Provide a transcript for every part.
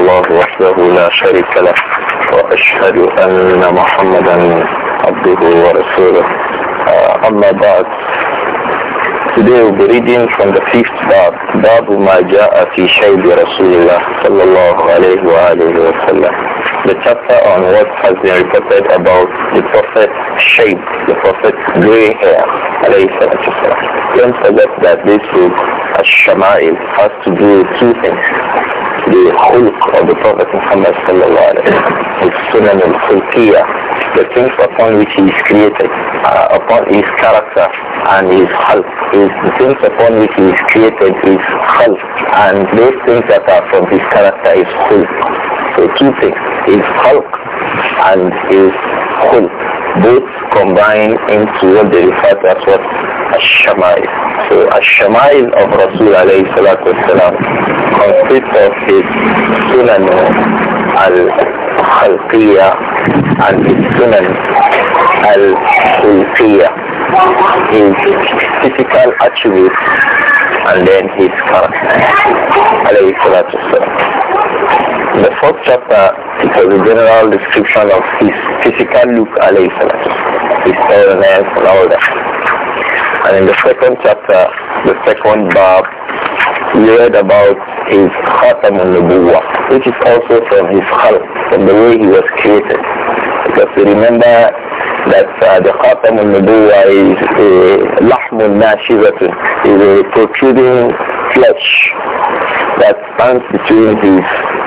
الله وحده لا شريك له وأشهد أن محمدا عبده ورسوله أما بعد Today we'll be reading from the fifth bab, باب ما جاء في شيب رسول الله صلى الله عليه وآله وسلم. The chapter on what has been reported about the prophet shape, the prophet gray hair, عليه الصلاة والسلام. Don't forget that this book, الشمائل, has to do with two things. the khulq of the Prophet Muhammad sallallahu alaihi wasallam, his sunan al-khulqiyah, the things upon which he is created, uh, upon his character and his khalq, his, the things upon which he is created is khalq, and those things that are from his character is khulq. So two things, his khalq and his khulq, both combined into what they refer to as what ash So ash Shamil of Rasul alayhi salatu wasalam consists of his Sunan al-Khalqiyya and his Sunan al-Khulqiyya. His physical attributes and then his character alayhi salatu wasalam the fourth chapter is a general description of his physical look alayhi salatu his illness and all that. And in the second chapter, the second bab, we read about his Khatam al-Nubuwa, which is also from his Khalq, from the way he was created. Because remember that uh, the Khatam al-Nubuwa is a uh, lahmun nashiratun, is a uh, protruding flesh that stands between his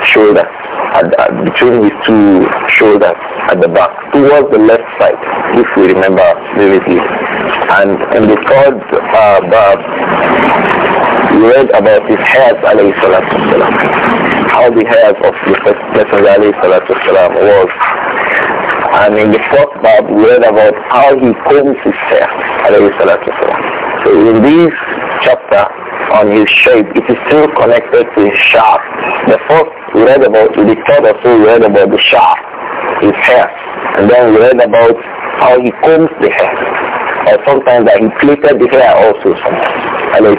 shoulders, at, between his two shoulders at the back, towards the left side, if we remember vividly. And in the third uh, bab, we read about his hairs, alayhi salatu salam, how the hairs of the Messenger, alayhi salatu salam, was and in the fourth part, we read about how he combs his hair. So in this chapter on his shape, it is still connected to his sharp. The first we read about, the third or so we read about the sharp, his hair. And then we read about how he combs the hair or sometimes that he the hair also sometimes.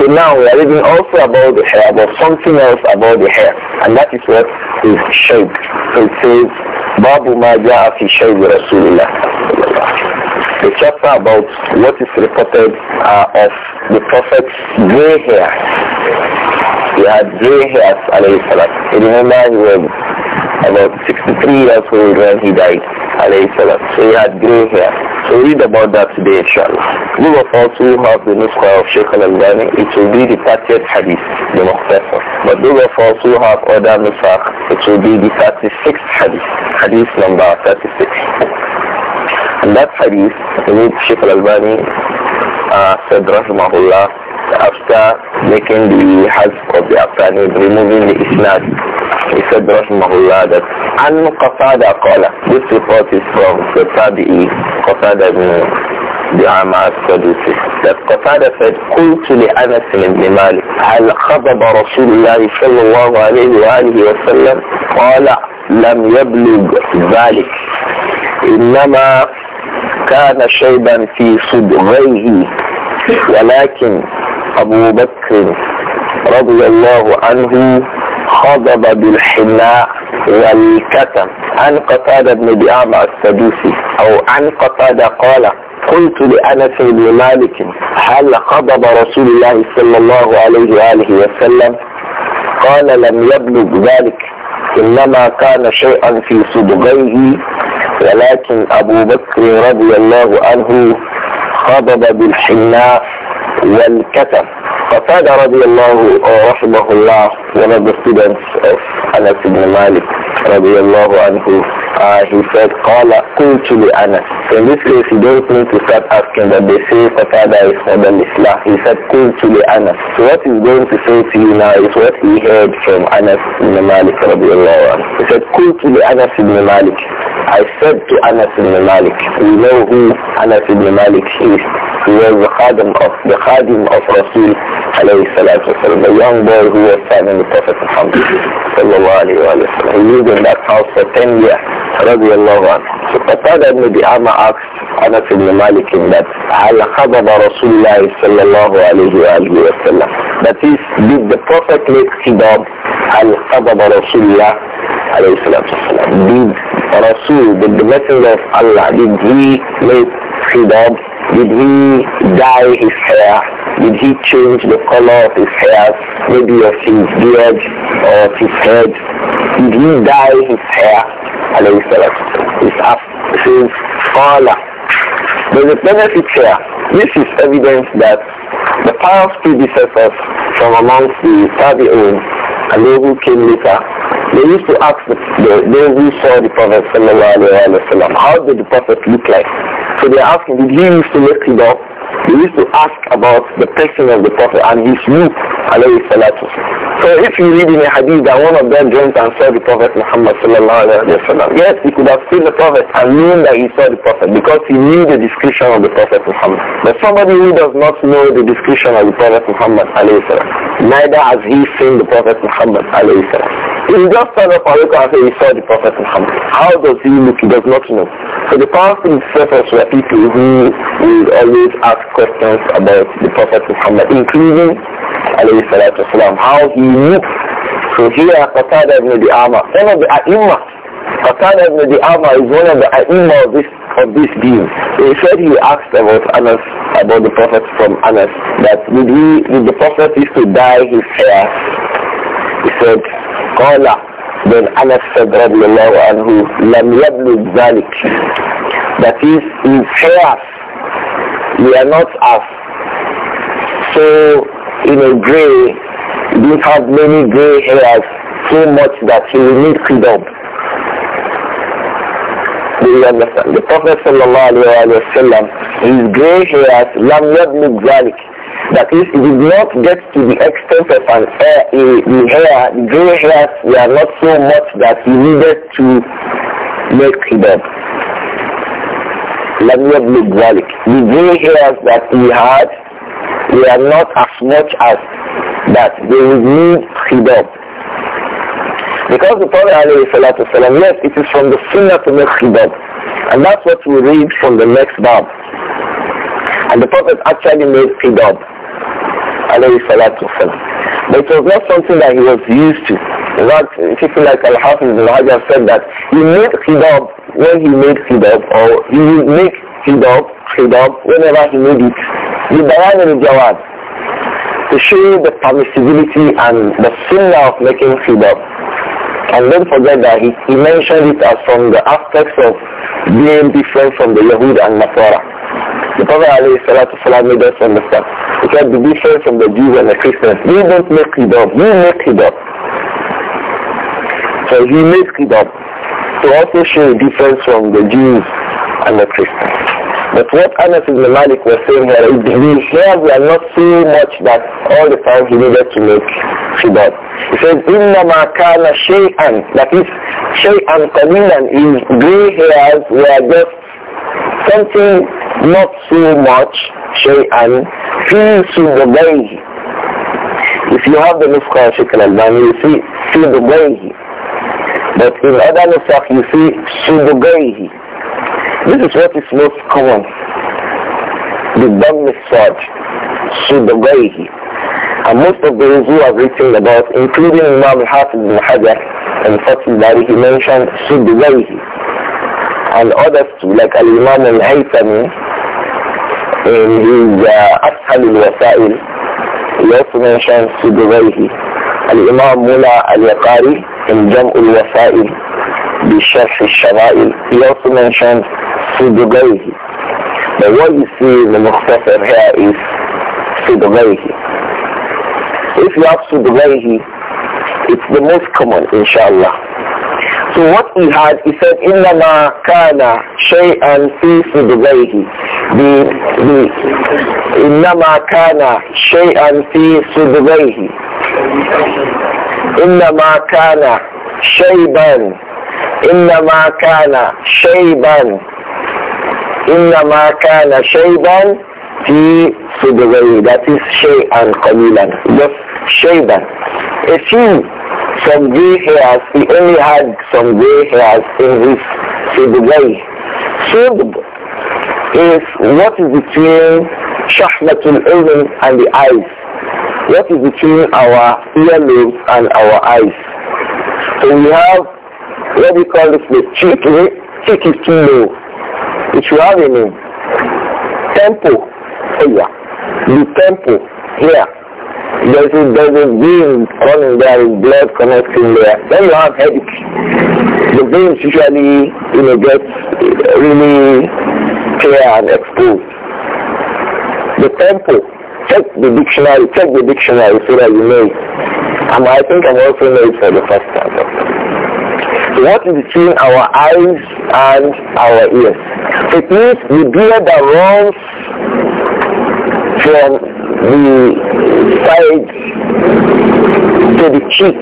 So now we are reading also about the hair, about something else about the hair, and that is what is shaykh. So it says, Babu Maja fi shayb Rasulullah. The chapter about what is reported uh, of the Prophet's gray hair. He had gray hairs, alayhi salam. Remember, he was about 63 years old when he died. So he had gray hair. So read about that today, inshallah. Those of us who have the Nusra of Sheikh al-Albani, it will be the 30th hadith, the Muqtasar. But those of us who have other Nusra, it will be the 36th hadith, hadith number 36. And that hadith, the Sheikh al-Albani uh, said, Rahimahullah, after making the hazf of the Afghani, removing the isnad. He said, Rahimahullah, that An qasada Qala. This report is from the Tabi'i, Qatada ibn بعمى that qasada said قلت لأنس بن مالك هل خطب rasulullah sallallahu alayhi wa عليه wa sallam qala لم يبلغ ذلك إنما كان شيبا في صدغيه ولكن أبو بكر رضي الله عنه خضب بالحناء والكتم عن قتادة بن بيعمى السدوسي أو عن قتادة قال قلت لأنس بن مالك هل خضب رسول الله صلى الله عليه وآله وسلم قال لم يبلغ ذلك إنما كان شيئا في صدغيه ولكن أبو بكر رضي الله عنه خضب بالحناء والكتف فقال رضي الله رحمه الله one of the students of رضي الله عنه uh, he said, "Call kultu li Anas. So in this case, he don't need to start asking that they say father is modern Islam. He said, to the Anas. So what he's going to say to you now is what he heard from Anas ibn Malik the anhu. He said, "Cool to the Anas ibn Malik. I said to Anas ibn Malik, we know who Anas ibn Malik is. He was the khadim of, the khadim of Rasul alayhi salatu wasalam, the young boy who was serving the Prophet Muhammad sallallahu alayhi wa sallam. He lived in that house for 10 years. رضي الله عنه فقال ابن دعامة أنا في مالك النبي على خضب رسول الله صلى الله عليه وآله وسلم that is did the perfectly خضب على خضب رسول الله عليه وسلم والسلام did رسول did the messenger of Allah did he make freedom? Did he dye his hair? Did he change the color of his hair, maybe of his beard or of his head? Did he dye his hair? Alayhi salam. It's up. It Allah. There's a benefit here. This is evidence that the pious predecessors from amongst the Tabi'un and those who came later, they used to ask the, the, those who saw the Prophet how did the Prophet look like? So they are asking, did he used to make khidab? He used to ask about the person of the Prophet and his youth, So if you read in a hadith that one of them joined and saw the Prophet Muhammad sallallahu alayhi wa sallam, yes, he could have seen the Prophet and known that he saw the Prophet because he knew the description of the Prophet Muhammad. But somebody who does not know the description of the Prophet Muhammad alayhi salam, neither has he seen the Prophet Muhammad alayhi salam. He just stand up and look and say he saw the Prophet Muhammad. How does he look? He does not know. So the past successors were people who will always ask questions about the Prophet Muhammad, including alayhi salatu wasalam, how he looks. So here Qatada ibn Di'ama, one of the A'imah, Qatada ibn Di'ama is one of the A'imah of this of this deal. He said he asked about Anas, about the Prophet from Anas, that with he, the Prophet used to dye his hair? He said, قال then Anas said radiallahu لم يبلغ ذلك that is in hairs we are not as so in a gray We have many gray hairs so much that he will need freedom do you understand the Prophet sallallahu alayhi wasallam his gray hairs لم يبلغ ذلك that if we do not get to the extent of an hair, a, the hair, the gray hairs we are not so much that we needed to make Let me be ذلك. The gray hairs that we had we are not as much as that they would need hijab. Because the Prophet ﷺ, yes, it is from the Sunnah to make hijab. And that's what we read from the next Bab. And the Prophet actually made hijab alayhi salatu But it was not something that he was used to. In fact, people like Al-Hafiz al-Hajar said that he made khidab when he made khidab, or he would make khidab, khidab whenever he made it. The bayan al-jawad, to show the permissibility and the sunnah of making khidab. And don't forget that he, he mentioned it as from the aspects of being different from the Yahud and Nasara. The Prophet ﷺ made us understand. It can be different from the Jews and the Christians. We don't make kidab. We make kidab. So he made kidab to also show a difference from the Jews and the Christians. But what Anas ibn Malik was saying here is the here are not so much that all the time he needed to make kidab. He says, إِنَّمَا كَانَ شَيْئًا That is, شَيْئًا قَلِيلًا His gray hairs were just something not so much shay'an fi sububayhi. If you have the nusqa of Shaykh al-Albani, you see sububayhi. But in other nusaq, you see sububayhi. This is what is most common. The dumb message, sububayhi. And most of those who have written about, including Imam al-Hafiz ibn Hajar, and Fath bari he mentioned sububayhi. And others too, like Al-Imam al-Haytami, in his uh, Ashab al-Wasail, he also mentions Sudurayhi. Al-Imam Mula al-Yaqari in Jam'ul al-Wasail, Bisharf al-Shama'il, he also mentions Sudurayhi. But what you see in the Mukhtasar here is Sudurayhi. If you have Sudurayhi, it's the most common, inshallah. So what he had, he said, Inna kana shay and see the way he the the Inna kana shay and see the way he Inna kana shayban Inna kana shayban Inna kana shayban fi sudwayhi that is shay and qalilan just shayban a few some gray hairs, he only had some gray hairs in his way. Shib is what is between shahmatul ilm and the eyes. What is between our earlobes and our eyes. So we have what we call this the cheek. Cheek is too low. It should have a name. Temple. Oh yeah. The temple. Here. There's a, there's a coming there with blood connecting there. Then you have headache. The veins usually, you know, gets really clear and exposed. The temple, check the dictionary, check the dictionary so that you know it. And I think I'm also know it for the first time. So what is between our eyes and our ears? It means the beard that runs from the side to the cheek.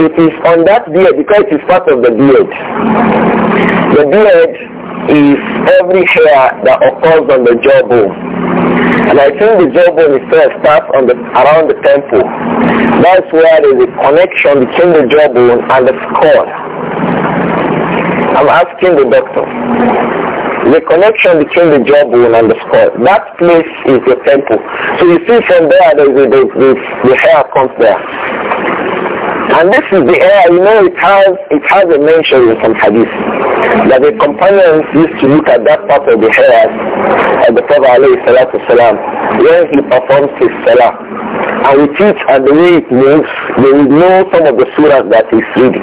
It is on that beard because it is part of the beard. The beard is every hair that occurs on the jawbone. And I think the jawbone itself starts on the, around the temple. That's where there is a connection between the jawbone and the skull. I'm asking the doctor the connection between the jawbone and the skull. That place is the temple. So you see from there, the, the, the, the hair comes there. And this is the air, you know, it has, it has a mention in some hadith that the companions used to look at that part of the hair of the Prophet والسلام, when he performs his salah. And we teach, and the way it moves, they will know some of the surahs that he's reading.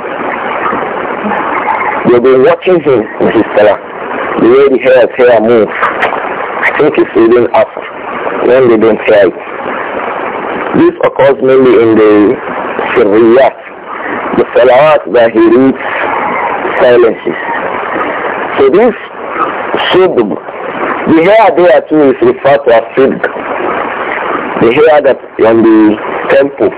They'll be watching him in his salah the way the hair's hair moves. I think it's even up when they don't hear it. This occurs mainly in the Sirriyat, the salawat that he reads silences. So this Shudb, the hair there too is referred to as Shudb, the hair that on the temple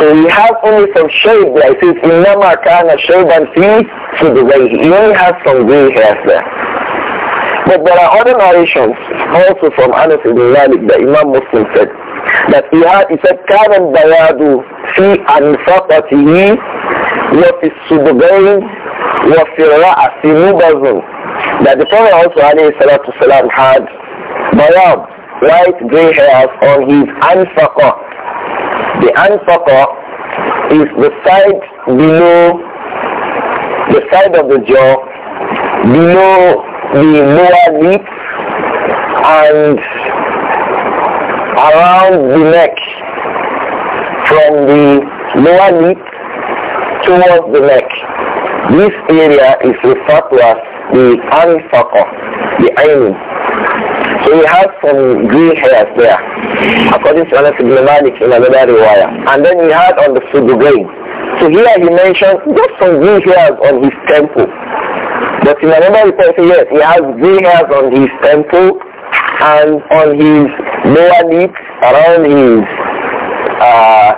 so we have only some shade there. It says, إِنَّمَا كَانَ to the way He only has some gray hairs there. But there are other narrations, also from Anas ibn Malik, that Imam Muslim said, that he had, he said, fi الْبَيَادُ wa fi وَفِي wa وَفِي الرَّأَسِ مُبَزٌ That the Prophet also, alayhi salatu salam, had bayad, light gray hairs on his anfaqa, the anfaqa is the side below, the side of the jaw, below the lower lip and around the neck, from the lower lip towards the neck. This area is referred to as the anfaqa, the ainu. So he has some grey hairs there, according to Anas ibn Malik in another riwayah. And then he had on the subugain. So here he mentioned just some grey hairs on his temple. But in another report, yes, he has grey hairs on his temple and on his lower lip, around his uh,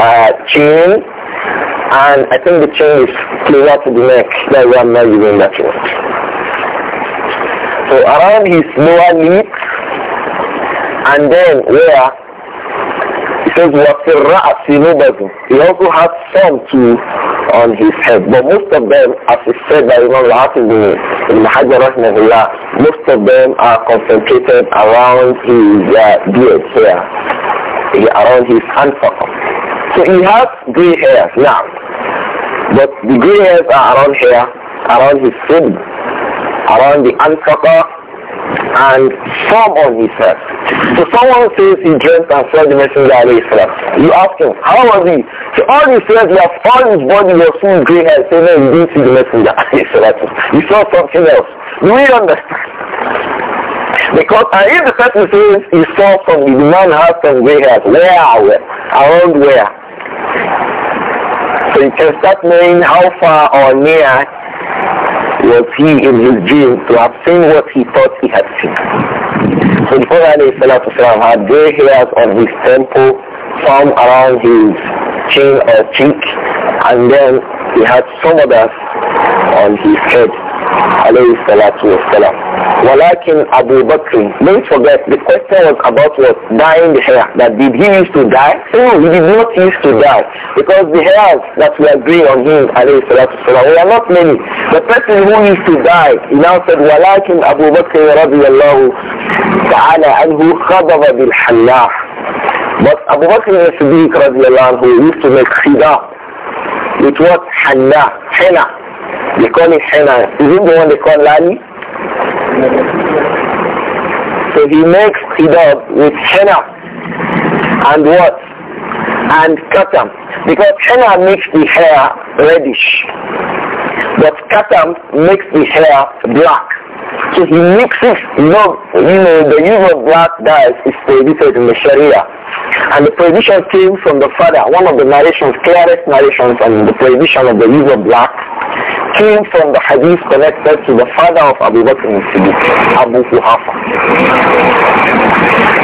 uh, chin, and I think the chain is closer to the neck. That's why I'm not using that one. So around his lower lip, and then where he says watira'asinubazum. He also has some too on his head. But most of them, as he said by Imam Al-Hafiz in Hajar Rahmanullah, most of them are concentrated around his uh, beard here, around his anfaq. So he has gray hairs now, but the gray hairs are around here, around his skin around the anfaqah and some on his head. So someone says he dreamt and saw the messenger of Isra'el. You ask him, how was he? So all he says was, all his body was full gray hair, saying, no, he didn't see the messenger of Isra'el. He saw something else. Do we understand? Because uh, if the person says he saw from the man has some gray hair, where are we? Around where? So you can start knowing how far or near was he in his dream to have seen what he thought he had seen. So the Prophet had gray hairs on his temple, some around his chin or cheek, and then he had some others on his head. عليه الصلاة والسلام ولكن أبو بكر don't forget, the question was about what? dying the hair. That did he used to die? No, he did not used to die. Because the hairs that we agree on him, عليه الصلاة والسلام we are not many. The person who used to die, he now said, ولكن أبو بكر رضي الله تعالى عنه خضب بالحلاح But Abu Bakr al-Siddiq الله عنه used to make khida with what? حلاح حلاح They call it henna. Is it the one they call lali? So he makes hijab with henna and what? And katam. Because henna makes the hair reddish. But katam makes the hair black. So he mixes, you know, you know the use of black dyes is prohibited in the Sharia. And the prohibition came from the father. One of the narrations, clearest narrations on the prohibition of the use of black came from the hadith connected to the father of Abu Bakr al-Siddiq, Abu Huhafa.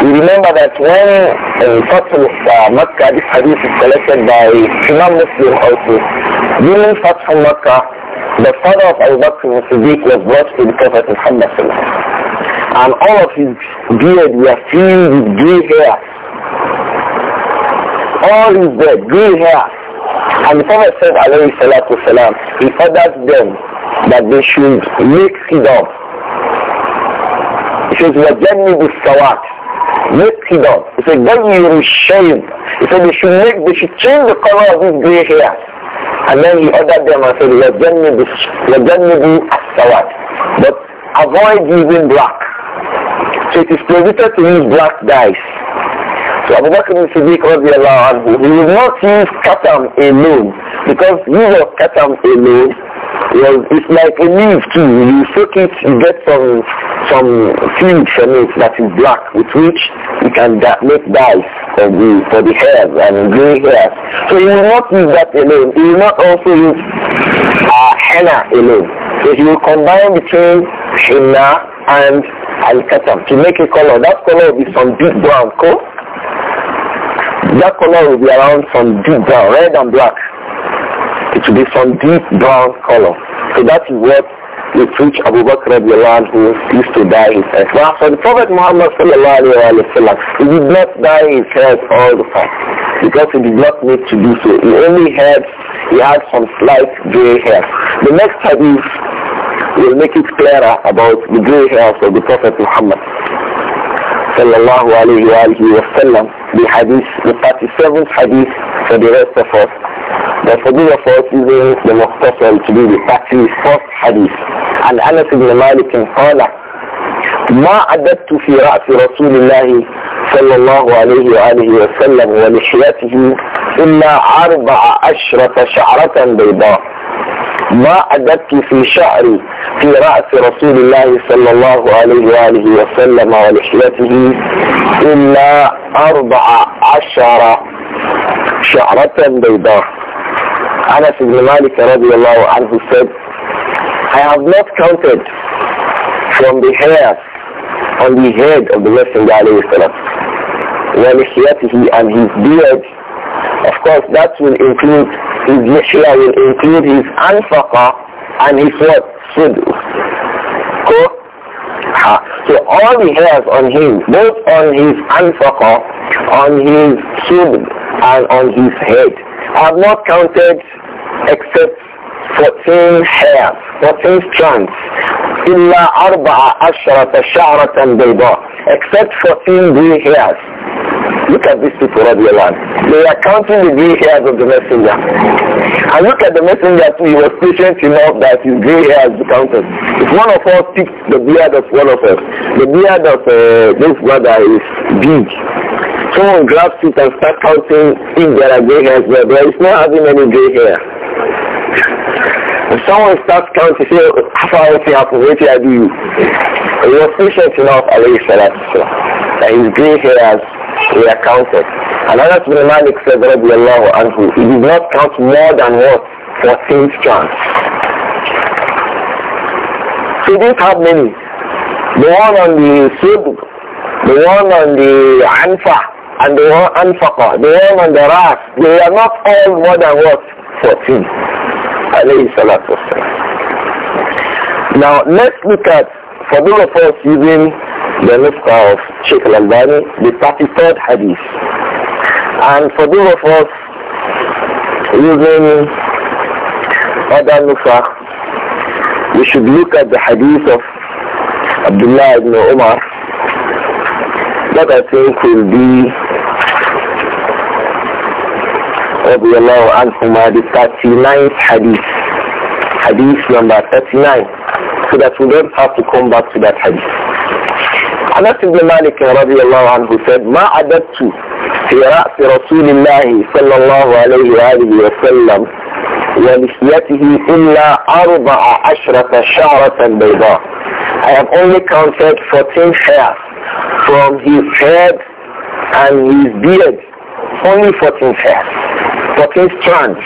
You remember that when uh, Fatul uh, Makkah, this hadith is collected by Imam Muslim also. During Fatul Makkah, the father of Abu Bakr al-Siddiq was brought to the Prophet Muhammad and all of his beard were filled with gray hair. All is there, green hair. And the Prophet said, alayhi salatu salam, he ordered them that they should mix it up. He says, وَجَنِّ بِالسَّوَاتِ Mix it up. He said, you غَيِّرُ الشَّيْبِ He said, they should make, they should change the color of this gray hair. And then he ordered them and said, وَجَنِّ بِالسَّوَاتِ But avoid using black. So it is prohibited to use black dyes. So Abu Bakr ibn Siddiq radiallahu anhu, he will not use katam alone because use of katam alone was, it's like a leaf too. You soak it, you get some, some fluid from it that is black with which you can da- make dye for the, for the hair and grey hair. So he will not use that alone. He will not also use uh, henna alone. So he will combine between henna and al-katam to make a color. That color will be some deep brown color. That color will be around from deep brown, red and black. It will be from deep brown color. So that is what with which Abu Bakr who used to dye his hair. Now, for the Prophet Muhammad sallallahu alayhi wa he did not dye his hair all the time because he did not need to do so. He only had, he had some slight gray hair. The next hadith will make it clearer about the gray hair of the Prophet Muhammad sallallahu alayhi wa sallam the hadith, the 37th hadith for the rest of us. But for those of us it is the Muqtasal to be the 31st hadith. And Anas ibn Malik in Qala, ما عددت في رأس رسول الله صلى الله عليه وآله وسلم ولحيته إلا أربع عشرة شعرة بيضاء ما عددت في شعري في رأس رسول الله صلى الله عليه وآله وسلم ولحيته إلا أربع عشر شعرة بيضاء أنس بن مالك رضي الله عنه said I have not counted from the hair on the head of the Messenger alayhi salam. And his beard, of course that will include, his mishra will include his anfaqa and his what? Sudu. So all the hairs on him, both on his anfaqa, on his sudu, and on his head, are not counted except 14 hairs, 14 strands. إلا أربع عشرة شعرة بيضاء except 14 gray hairs. Look at these people, Radiallahu They are counting the gray hairs of the messenger. And look at the messenger too. He was patient enough that his gray hairs be counted. If one of us picks the beard of one of us, the beard of uh, this brother is big. Someone grabs it and starts counting if there are gray hairs there. There is not having any gray hair. If someone starts counting, say, after everything happened, what did I do? He was patient enough, alayhi salatu that his grey hairs were counted. And Anas bin Malik said, radiallahu anhu, he did not count more than what? 14 strands. He didn't have many. The one on the Sud, the one on the Anfa, and the one Anfaqa, the one on the Ras, they are not all more than what? 14. Now let's look at, for those of us using the Nusqa of Sheikh al-Albani, the 33rd hadith. And for those of us using other Nusaq, we should look at the hadith of Abdullah ibn Umar that I think will be رضي الله عنهما the 39th hadith hadith number 39 so that we don't have to come back to that hadith Anas ibn Malik رضي الله عنه said ما عددت في رأس رسول الله صلى الله عليه وآله وسلم ولحيته إلا أربع عشرة شعرة بيضاء I have only counted 14 hairs from his head and his beard only 14 hair. 14 strands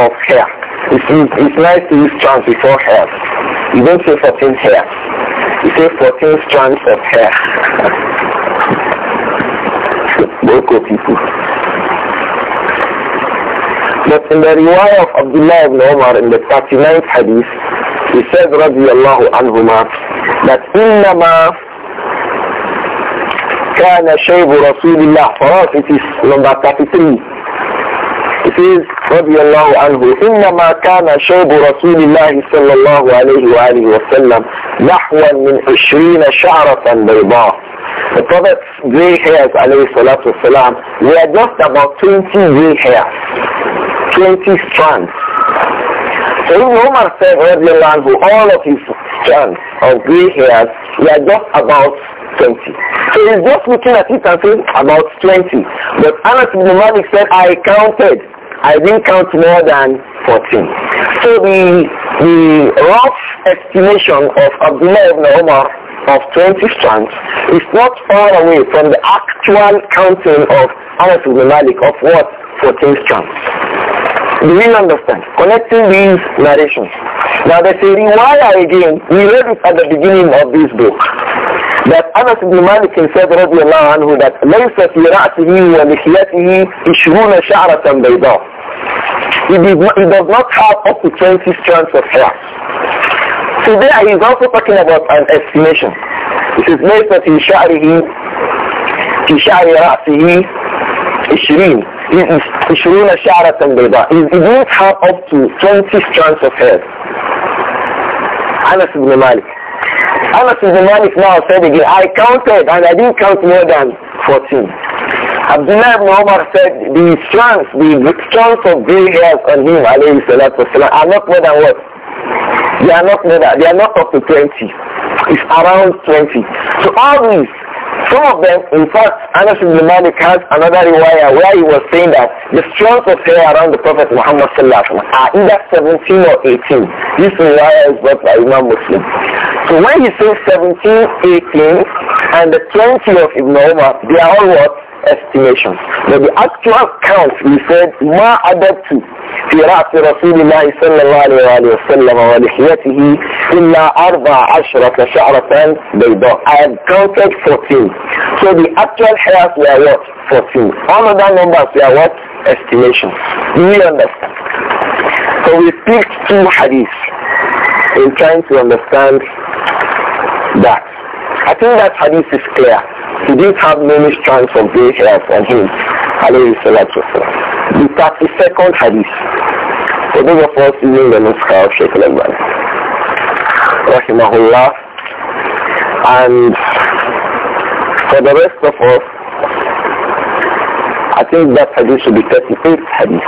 of hair. It's, it's nice to use strands before hair. You don't say 14 hair. You say 14 strands of hair. Local people. But in the riwayah of Abdullah ibn Umar in the 39th hadith, he says, رضي الله عنهما, that إنما كان شيب رسول الله فرافة number 33 it says رضي الله عنه إنما كان شيب رسول الله صلى الله عليه وآله وسلم نحو من 20 شعرة بيضاء The Prophet's gray hairs عليه الصلاة والسلام were just about 20 gray hairs 20 strands So Ibn Umar said رضي الله عنه all of his strands of gray hairs were just about 20. So he's just looking at it and saying about 20. But Anas ibn Malik said, I counted. I didn't count more than 14. So the, the rough estimation of Abdullah ibn Umar of 20 strands is not far away from the actual counting of Anas ibn Malik of what? 14 strands. Do we understand? Connecting these narrations. Now there's a rewire again. We read it at the beginning of this book that Anas ibn Malik said رضي الله عنه that ليس في رأسه ولحيته عشرون شعرة بيضاء he, did not, he does not have up to 20 strands of hair So there, he is also talking about an estimation He it is ليس في شعره في شعر رأسه 20 عشرون شعرة بيضاء he does not have up to 20 strands of hair Anas ibn Malik the ibn Malik now said again, I counted and I didn't count more than 14. Abdullah ibn Umar said, the strands, the strands of grey hairs on him, alayhi salatu wasalam, are not more than what? They are not more than, they are not up to 20. It's around 20. So all these, some of them, in fact, Anas ibn Malik has another riwayah where he was saying that the strength of hair around the Prophet Muhammad sallallahu are either 17 or 18. This riwayah is what by Imam Muslim. So when he says 17, 18, and the 20 of Ibn Umar, they are all what? Estimations. But the actual count, he said, ma adab to في رأس رسول الله صلى الله عليه وسلم ولحيته إلا أربع عشرة شعرة بيضاء I counted 14 So the actual hairs were what? 14 All other numbers were what? Estimation Do you understand? So we picked two hadith in trying to understand that I think that hadith is clear He didn't have many strands of gray hairs on him alayhi salatu wasalam the 32nd hadith. For those of us using the Nuskha of Sheikh Rahimahullah. And for the rest of us, I think that hadith should be 38th hadith.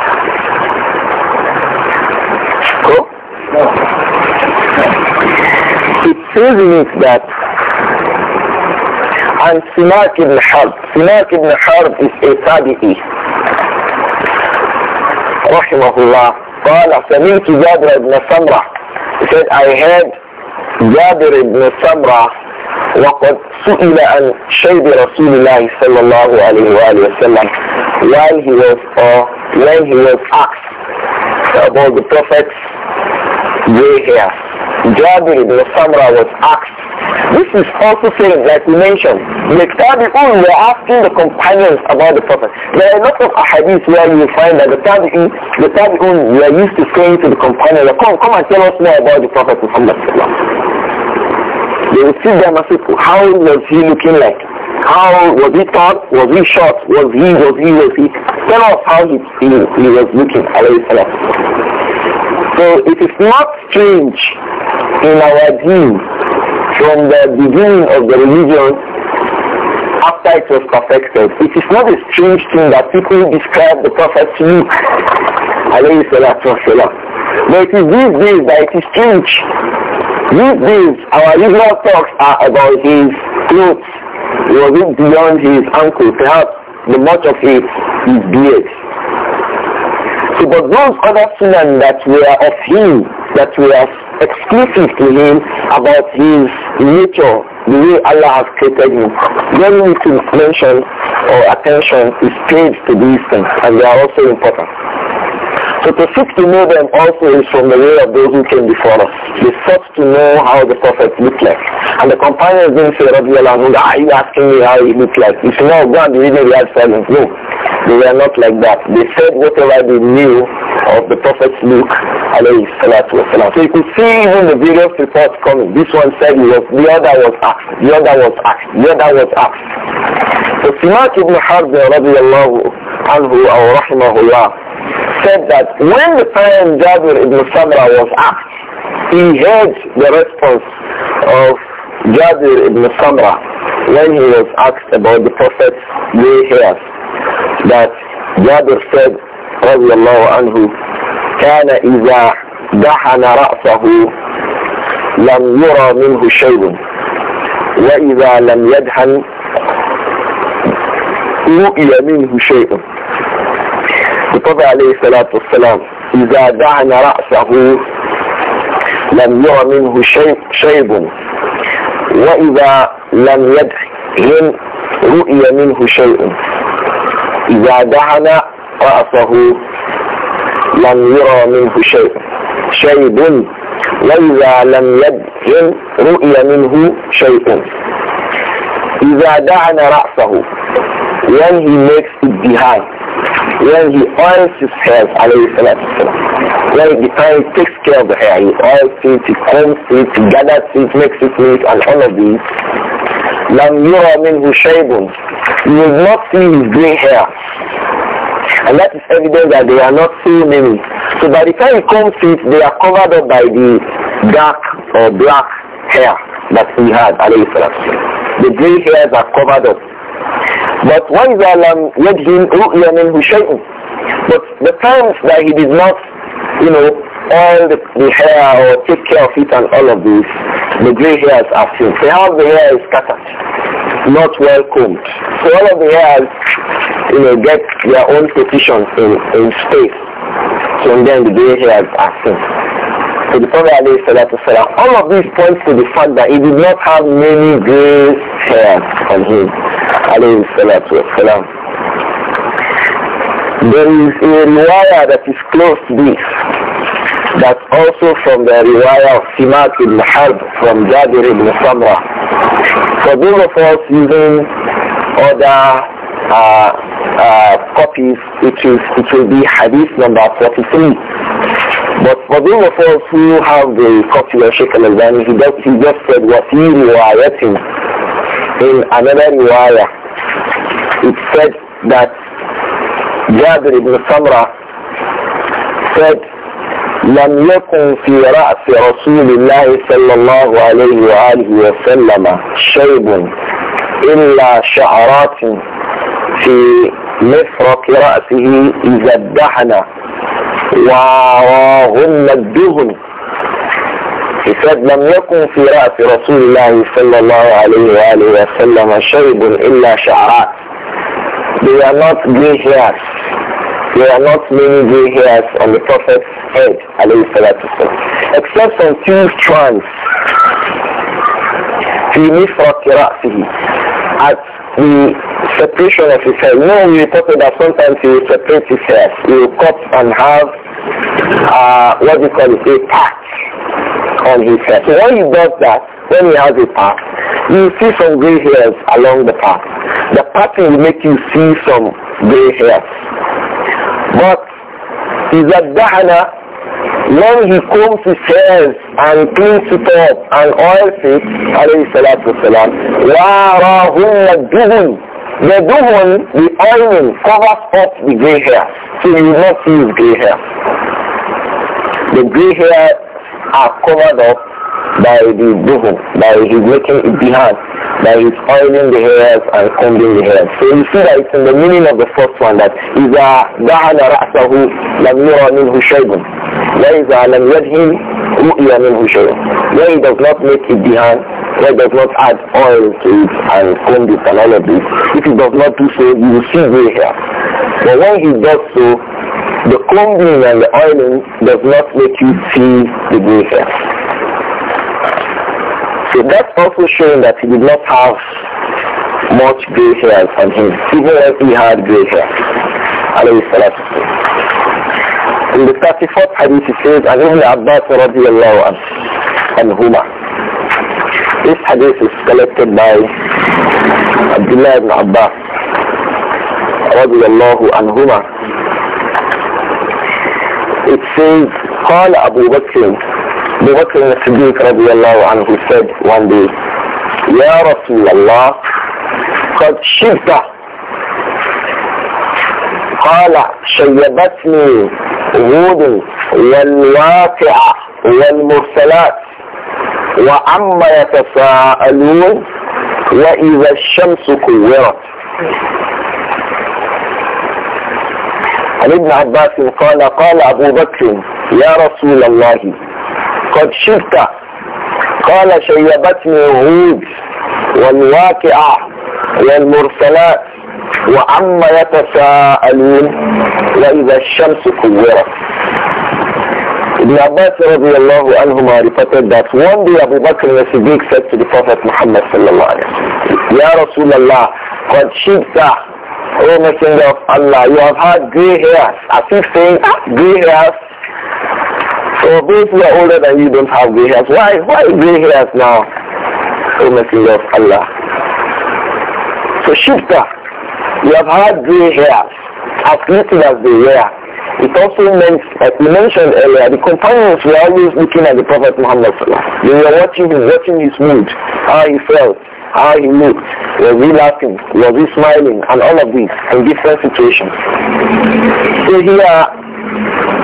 Go? It says in it that عن سماك بن حرب سماك بن حرب is a tabi'i رحمه الله قال سمعت جابر بن سمرة He said I heard جابر بن سمرة وقد سئل عن شيب رسول الله صلى الله عليه وآله وسلم while he was or uh, when he was asked about the prophet's gray hair. Jabir ibn Samra was asked This is also saying, like we mentioned, Tabi'un were asking the companions about the Prophet. There are a lot of ahadith where you find that the Tabi'un, the Tabi'un were used to saying to the companions, come, come and tell us more about the Prophet Muhammad They would see them and say, How was he looking like? How was he tall? Was he short? Was he, was he, was he? Tell us how he, he, he was looking. So it is not strange in our deen from the beginning of the religion after it was perfected. It is not a strange thing that people describe the prophet to you. Alayhi salatu wasalam. But it is these days that it is strange. These days, our usual talks are about his clothes. He was it beyond his ankle, perhaps the much of it is beard. So, but those other sunan that were of him, that were exclusive to him about his nature the way Allah has created you. Then we to mention or attention is paid to these things and they are also important. So to seek to know them also is from the way of those who came before us. They sought to know how the Prophet looked like. And the companions didn't say, Rabbi Allah, are you asking me how he looked like? If no, God. and know the silence. No, they were not like that. They said whatever they knew of the Prophet's look, alayhi salatu wasalam. So you could see even the various reports coming. This one said he was, the other was, ah, asked, the other was asked, the other was asked. So Simak ibn Harb radiallahu anhu or rahimahullah said that when the friend Jabir ibn Samra was asked, he heard the response of Jabir ibn Samra when he was asked about the Prophet's grey hairs that Jabir said رضي الله عنه كان إذا دحن رأسه لم يرى منه شيء وإذا لم يدهن رؤي منه شيء النبي عليه الصلاة والسلام إذا دعن رأسه لم يرى منه شيء شيب وإذا لم يدهن رؤي منه شيء إذا دعن رأسه لم يرى منه شيء شيب وإذا لم يدهن رؤي منه شيء إذا دعن رأسه when he makes it behind when he oils his hair عليه الصلاة والسلام when he takes care of the hair he oils it he combs it he gathers it makes it neat and all of these لم يرى منه شيء you will not see his grey hair and that is evidence that they are not seeing many. So by the time it comes to it, they are covered up by the dark or black hair that he had, The gray hairs are covered up. But one is Alam um, Yadhin Ru'ya Minhu Shay'un. But the times that he did not, you know, all the, the hair or take care of it and all of this, the gray hairs are few. So hair the hair is scattered, not well combed. So all of the hairs, you know, get their own position in, in space. So then the gray hairs are seen. So the Prophet alayhi all of these points to the fact that he did not have many gray hairs on him, There is a riwayah that is close to this. That's also from the riwayah of Simak ibn Harb from Jabir ibn Samra. For those of us using other uh, uh, copies, it, is, it will be hadith number 43. But for those of us who have the copy of Sheikh al-Albani, he just, he just said, وَفِي رِوَايَةٍ In another riwayah, it said that Jabir ibn Samra said لم يكن في رأس رسول الله صلى الله عليه وآله وسلم شيب إلا شعرات في مفرق رأسه إذا ادحن وراهن الدهن He لم يكن في رأس رسول الله صلى الله عليه وآله وسلم شيب إلا شعرات They are not hairs There are not many gray hairs on the Prophet's head, except on two strands. At the separation of his hair. You know, we reported that sometimes he will separate his hair. He will cut and have, uh, what we call it, a patch on his hair. So when he does that, when he has a patch, you see some gray hairs along the path. The pattern will make you see some gray hairs. But is that ادعنا when he combs his hairs and cleans it up and oils it, alayhi salatu wasalam, وَارَهُمَّ الدُّهُمْ The duhun, the oiling, covers up the gray hair. So you will not see his gray hair. The gray hair are covered up by the buhu, by his making ibihad, by his oiling the hairs and combing the hair. So you see that it's in the meaning of the first one that إذا دعن رأسه لم يرى منه شيء وإذا لم يدهن رؤي منه شيء When he does not make it ibihad, when he does not add oil to it and comb it and all of this, if he does not do so, you will see gray hair. But when he does so, the combing and the oiling does not make you see the gray hair. So that's also showing that he did not have much gray hairs on him, even when he had gray hair. In the 34th hadith he says, and Ibn Abbas and Huma. This hadith is collected by Abdullah ibn Abbas radiallahu anhuma. It says, قال أبو بكر Abu Bakr رضي الله عنه anhu said one day, رسول الله قد شبت قال شيبتني غود والواقع والمرسلات وعما يتساءلون وإذا الشمس كورت عن ابن عباس قال قال أبو بكر يا رسول الله قد شفت قال شيبتني وهود والواقعة والمرسلات وعما يتساءلون وإذا الشمس كورت Ibn Abbas radiallahu anhuma reported that one day Abu Bakr as-Siddiq said to the Prophet Muhammad sallallahu alayhi wa Ya Rasulallah, قد شبت O Messenger of Allah, you have had grey hairs. As if saying grey hairs So those who are older than you don't have gray hairs. Why? Why gray hairs now? O Messenger of Allah. So Shifta, you have had gray hairs, as little as they were. It also meant, like we mentioned earlier, the companions were always looking at the Prophet Muhammad They were watching him, watching his mood, how he felt, how he looked, was he laughing, was he smiling, and all of these in different situations. So here,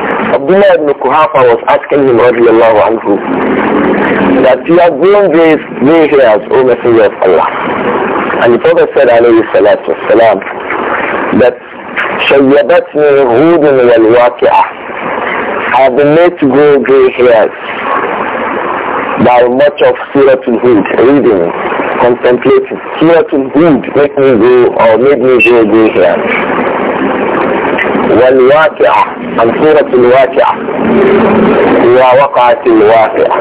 Abdullah ibn Kuhafa was asking him radiallahu anhu that you have grown grey, grey hairs, O Messenger of Allah. And the Prophet said alayhi salatu wasalam that شيبتني هود والواقعة I have been made to grow grey hairs by much of Suratul Hud, reading, contemplating. Suratul Hud make me grow or made me grow grey hairs. والواقعة الصورة الواقعة هي وقعة الواقعة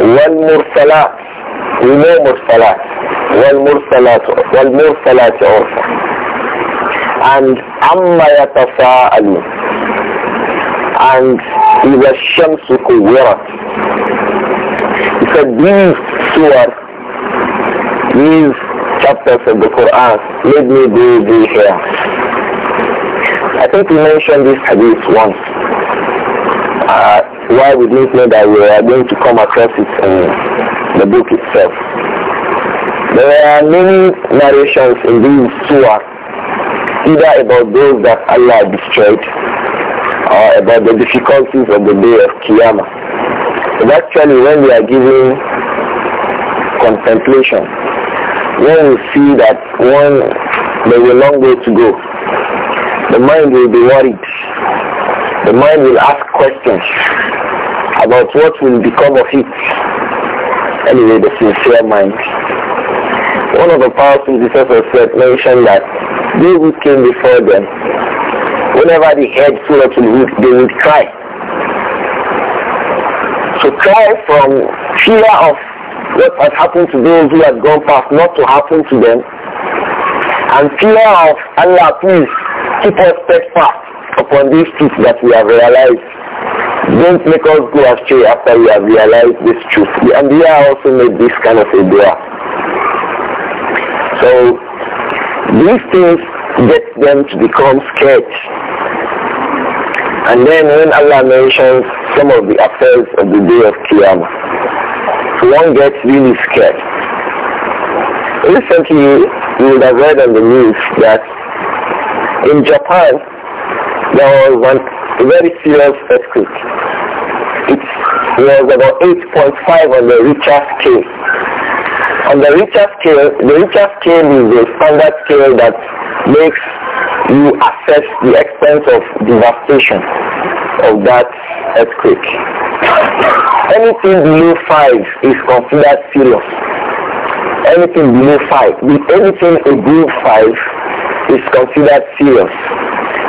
والمرسلات ومو مرسلات والمرسلات والمرسلات عرفة and أما يتساءلون and إذا الشمس كورت He said these two are these chapters of the Quran let me do gray hair. I think we mentioned this hadith once. Uh, why didn't know that we are going to come across it in the book itself? There are many narrations in these surah, either about those that Allah destroyed or about the difficulties of the day of Qiyamah. But actually, when we are giving contemplation one will see that one there's a long way to go. The mind will be worried. The mind will ask questions about what will become of it. Anyway, the sincere mind. One of the powerful disciples said, mentioned that they who came before them, whenever they heard Surah Al-Hud, they would cry. So cry from fear of what has happened to those who have gone past not to happen to them. And fear of Allah, please keep us steadfast upon these truths that we have realized. Don't make us go astray after we have realized this truth. The Anbiya also made this kind of a dua. So these things get them to become scared. And then when Allah mentions some of the affairs of the day of Qiyamah, one gets really scared. Recently, you would have read on the news that in Japan, there was a very serious earthquake. It was about 8.5 on the Richter scale. On the Richter scale, the Richter scale is a standard scale that makes you assess the extent of devastation of that earthquake anything below five is considered serious. Anything below five, with anything above five is considered serious.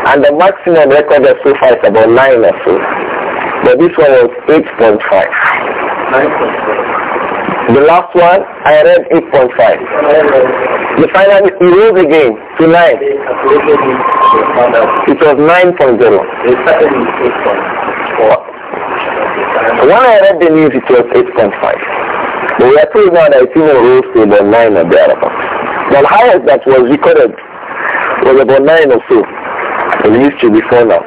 And the maximum recorded so far is about nine or so. But this one was 8.5. The last one, I read 8.5. The final, it rose again to 9. It was 9.0. When I read the news, it was 8.5. But we are told now that it rose to about 9 or thereabouts. The highest that was recorded was about 9 or so. It used to before now.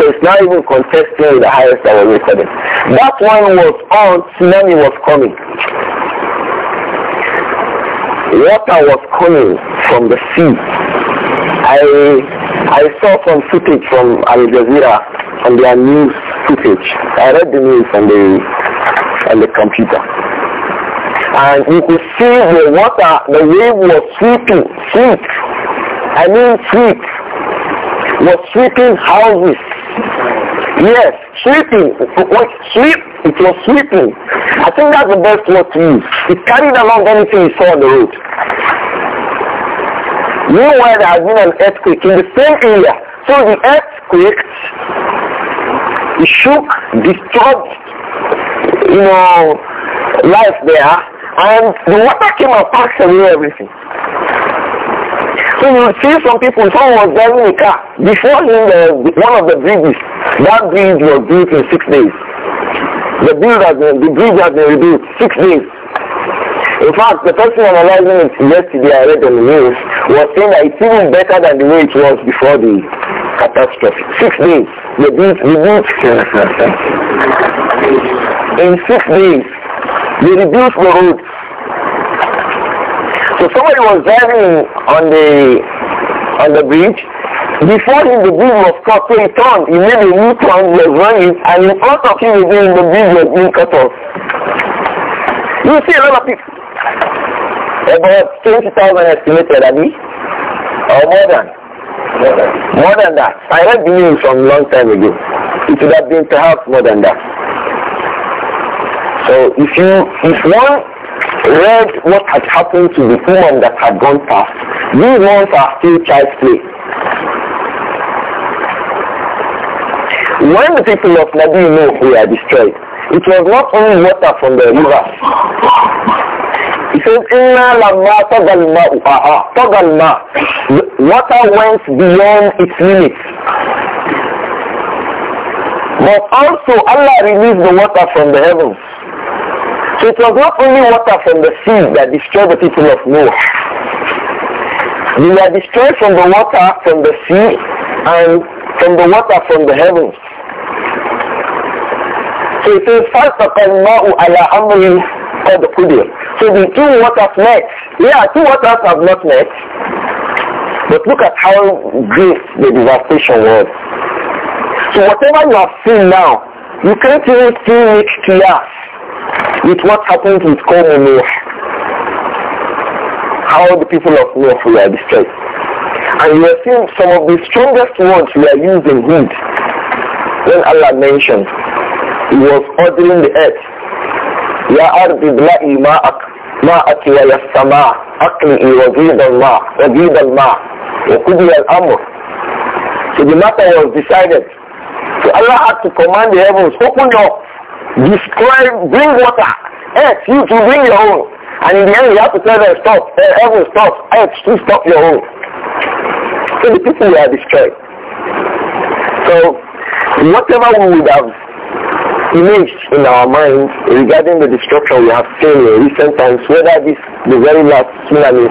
So it's not even contesting the highest that was recorded. That one was on tsunami was coming. Water was coming from the sea. I I saw some footage from Al Jazeera on their news footage. I read the news on the on the computer. And you could see the water, the wave was sweeping, sweep. I mean sweep. Was sweeping houses. Yes, sweeping. What sweep? It was sweeping. I think that's the best word to use. It carried along anything you saw on the road. Meanwhile, there has been an earthquake in the same area. So the earthquake shook, disturbed, you know, life there, and the water came and packed away everything. So you see some people, someone was driving a car. Before him, one of the bridges, that bridge was built in six days. The, build has been, the bridge has been rebuilt six days. In fact, the person analyzing it yesterday I read on the news was saying that it's even better than the way it was before the catastrophe. Six days. the didn't, they In six days, they reduced the roads. So somebody was driving on the on the bridge. Before him, the bridge was cut, so he turned. He made a new turn, he was running, and in front of him the bridge was being cut off. You see a lot of people. About 20,000 estimated, Abi? Or more than? More than that. I read the news from long time ago. It would have been perhaps more than that. So if you, if one read what had happened to the woman that had gone past, these ones are still child's play. When the people of know Nuh were destroyed, it was not only water from the river Inna lamma tagal ma'u. Ah, Water went beyond its limits. But also Allah released the water from the heavens. So it was not only water from the sea that destroyed the people of Noah. They were destroyed from the water from the sea and from the water from the heavens. So it says, فَالْتَقَى الْمَاءُ عَلَىٰ أَمْرٍ قَدْ قُدِرٍ so the two waters met. Yeah, two waters have not met. But look at how great the devastation was. So whatever you have seen now, you can't even see it clear with what happened with Qawm Nuh. How the people of Nuh were destroyed. And you are seeing some of the strongest words we are using here. When Allah mentioned, He was ordering the earth يا أرض ابلئي ماءك ماءك ويا السماء أقلئي وزيد الماء وزيد الماء وقضي الأمر So the matter was decided. So Allah had to command the heavens, open up, destroy, bring water. Earth, you to bring your own. And in the end, you have to tell them, stop. Hey, uh, heaven, stop. Earth, to stop your own. So the people were destroyed. So whatever we would have Image in our mind regarding the destruction we have seen in recent times, whether this the very last tsunami,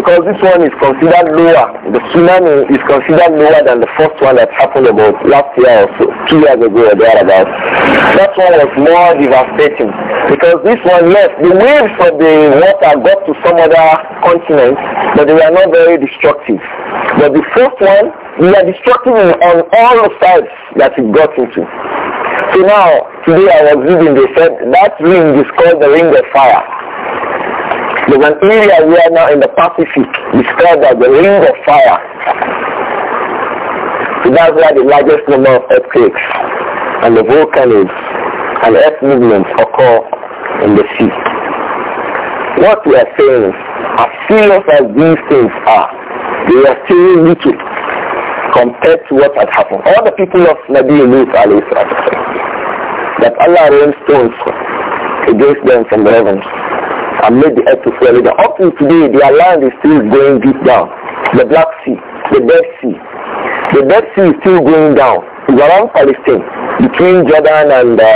because this one is considered lower, the tsunami is considered lower than the first one that happened about last year or so, two years ago or thereabouts. That one was more devastating because this one, yes, the waves of the water got to some other continent, but they were not very destructive. But the first one, we are destructive on all the sides that it got into. So now, today I was reading, they said that ring is called the ring of fire. There's an area we are now in the Pacific described as the ring of fire. So that's where the largest number of earthquakes and the volcanoes and earth movements occur in the sea. What we are saying as serious as these things are, they are still little compared to what had happened. All the people of Nabi Lut alayhi that Allah rained stones against them from the heavens and made the earth to swallow them. Up to today, their land is still going deep down. The Black Sea, the Dead Sea. The Dead Sea is still going down. It's around Palestine, between Jordan and uh,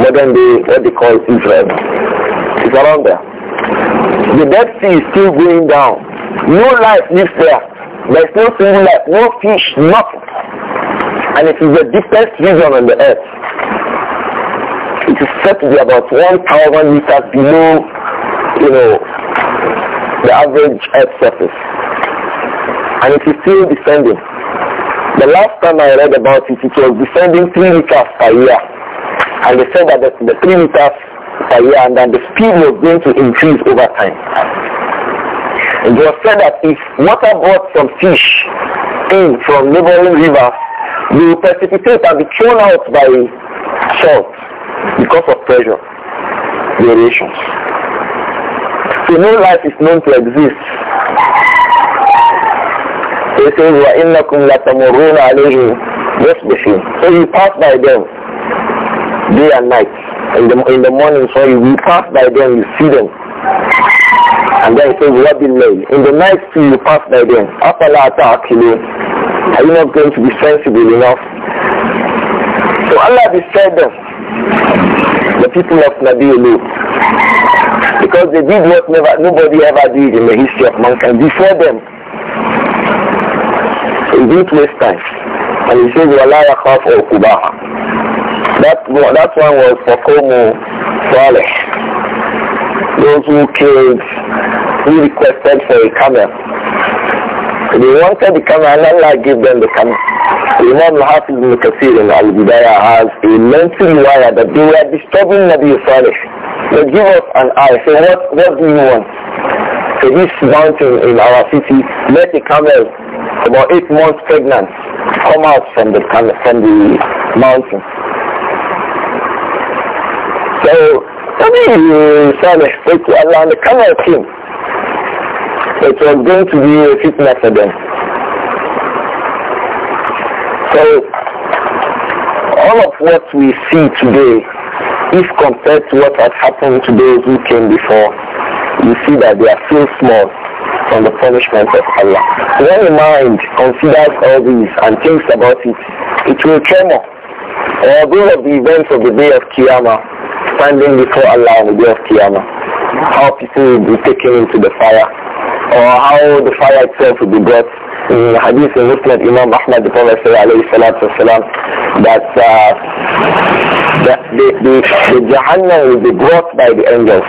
modern day, what they call Israel. It's around there. The Dead Sea is still going down. No life lives there. There's no thing like no fish, nothing. And it is the deepest region on the earth. It is said to be about 1,000 meters below, you know, the average earth surface. And it is still descending. The last time I read about it, it was descending 3 meters per year. And they said that the, the 3 meters per year and that the speed was going to increase over time. It was said that if water brought some fish in from neighboring rivers, they will precipitate and be thrown out by salt because of pressure variations. So no life is known to exist. It says, وَإِنَّكُمْ لَتَمُرُّونَ عَلَيْهِمْ مُصْبِحِينَ So you pass by them day and night. In the, in the morning, so you pass by them, you see them. And then say says, have been made." In the night you pass by them. Afala actually, Are you not going to be sensible enough? So Allah destroyed them, the people of Nabi Ulu, Because they did what never, nobody ever did in the history of mankind before them. So it didn't waste time. And he says, وَلَا يَخَافُ Kubaha." That, that one was for Qawmu Saleh those who killed, who requested for a camel. They wanted the camel and Allah gave them the camel. Imam Hafiz ibn Kathir in Al-Bidayah has a lengthy wire that they were disturbing Nabi Salih. They give us an eye, say what, what do you want? So this mountain in our city let a camel about eight months pregnant come out from the, from the mountain. So I mean, you sort the It was going to be a for them. So, all of what we see today, if compared to what has happened to those who came before, you see that they are still small from the punishment of Allah. When the mind considers all these and thinks about it, it will tremor. All of the events of the day of Qiyamah standing before Allah on the day of Qiyamah, how people will be taken into the fire, or how the fire itself will be brought. In hadith in Muslim, Imam Ahmad, the Prophet والسلام, that uh, the, the, the, the Jahannam will be brought by the angels.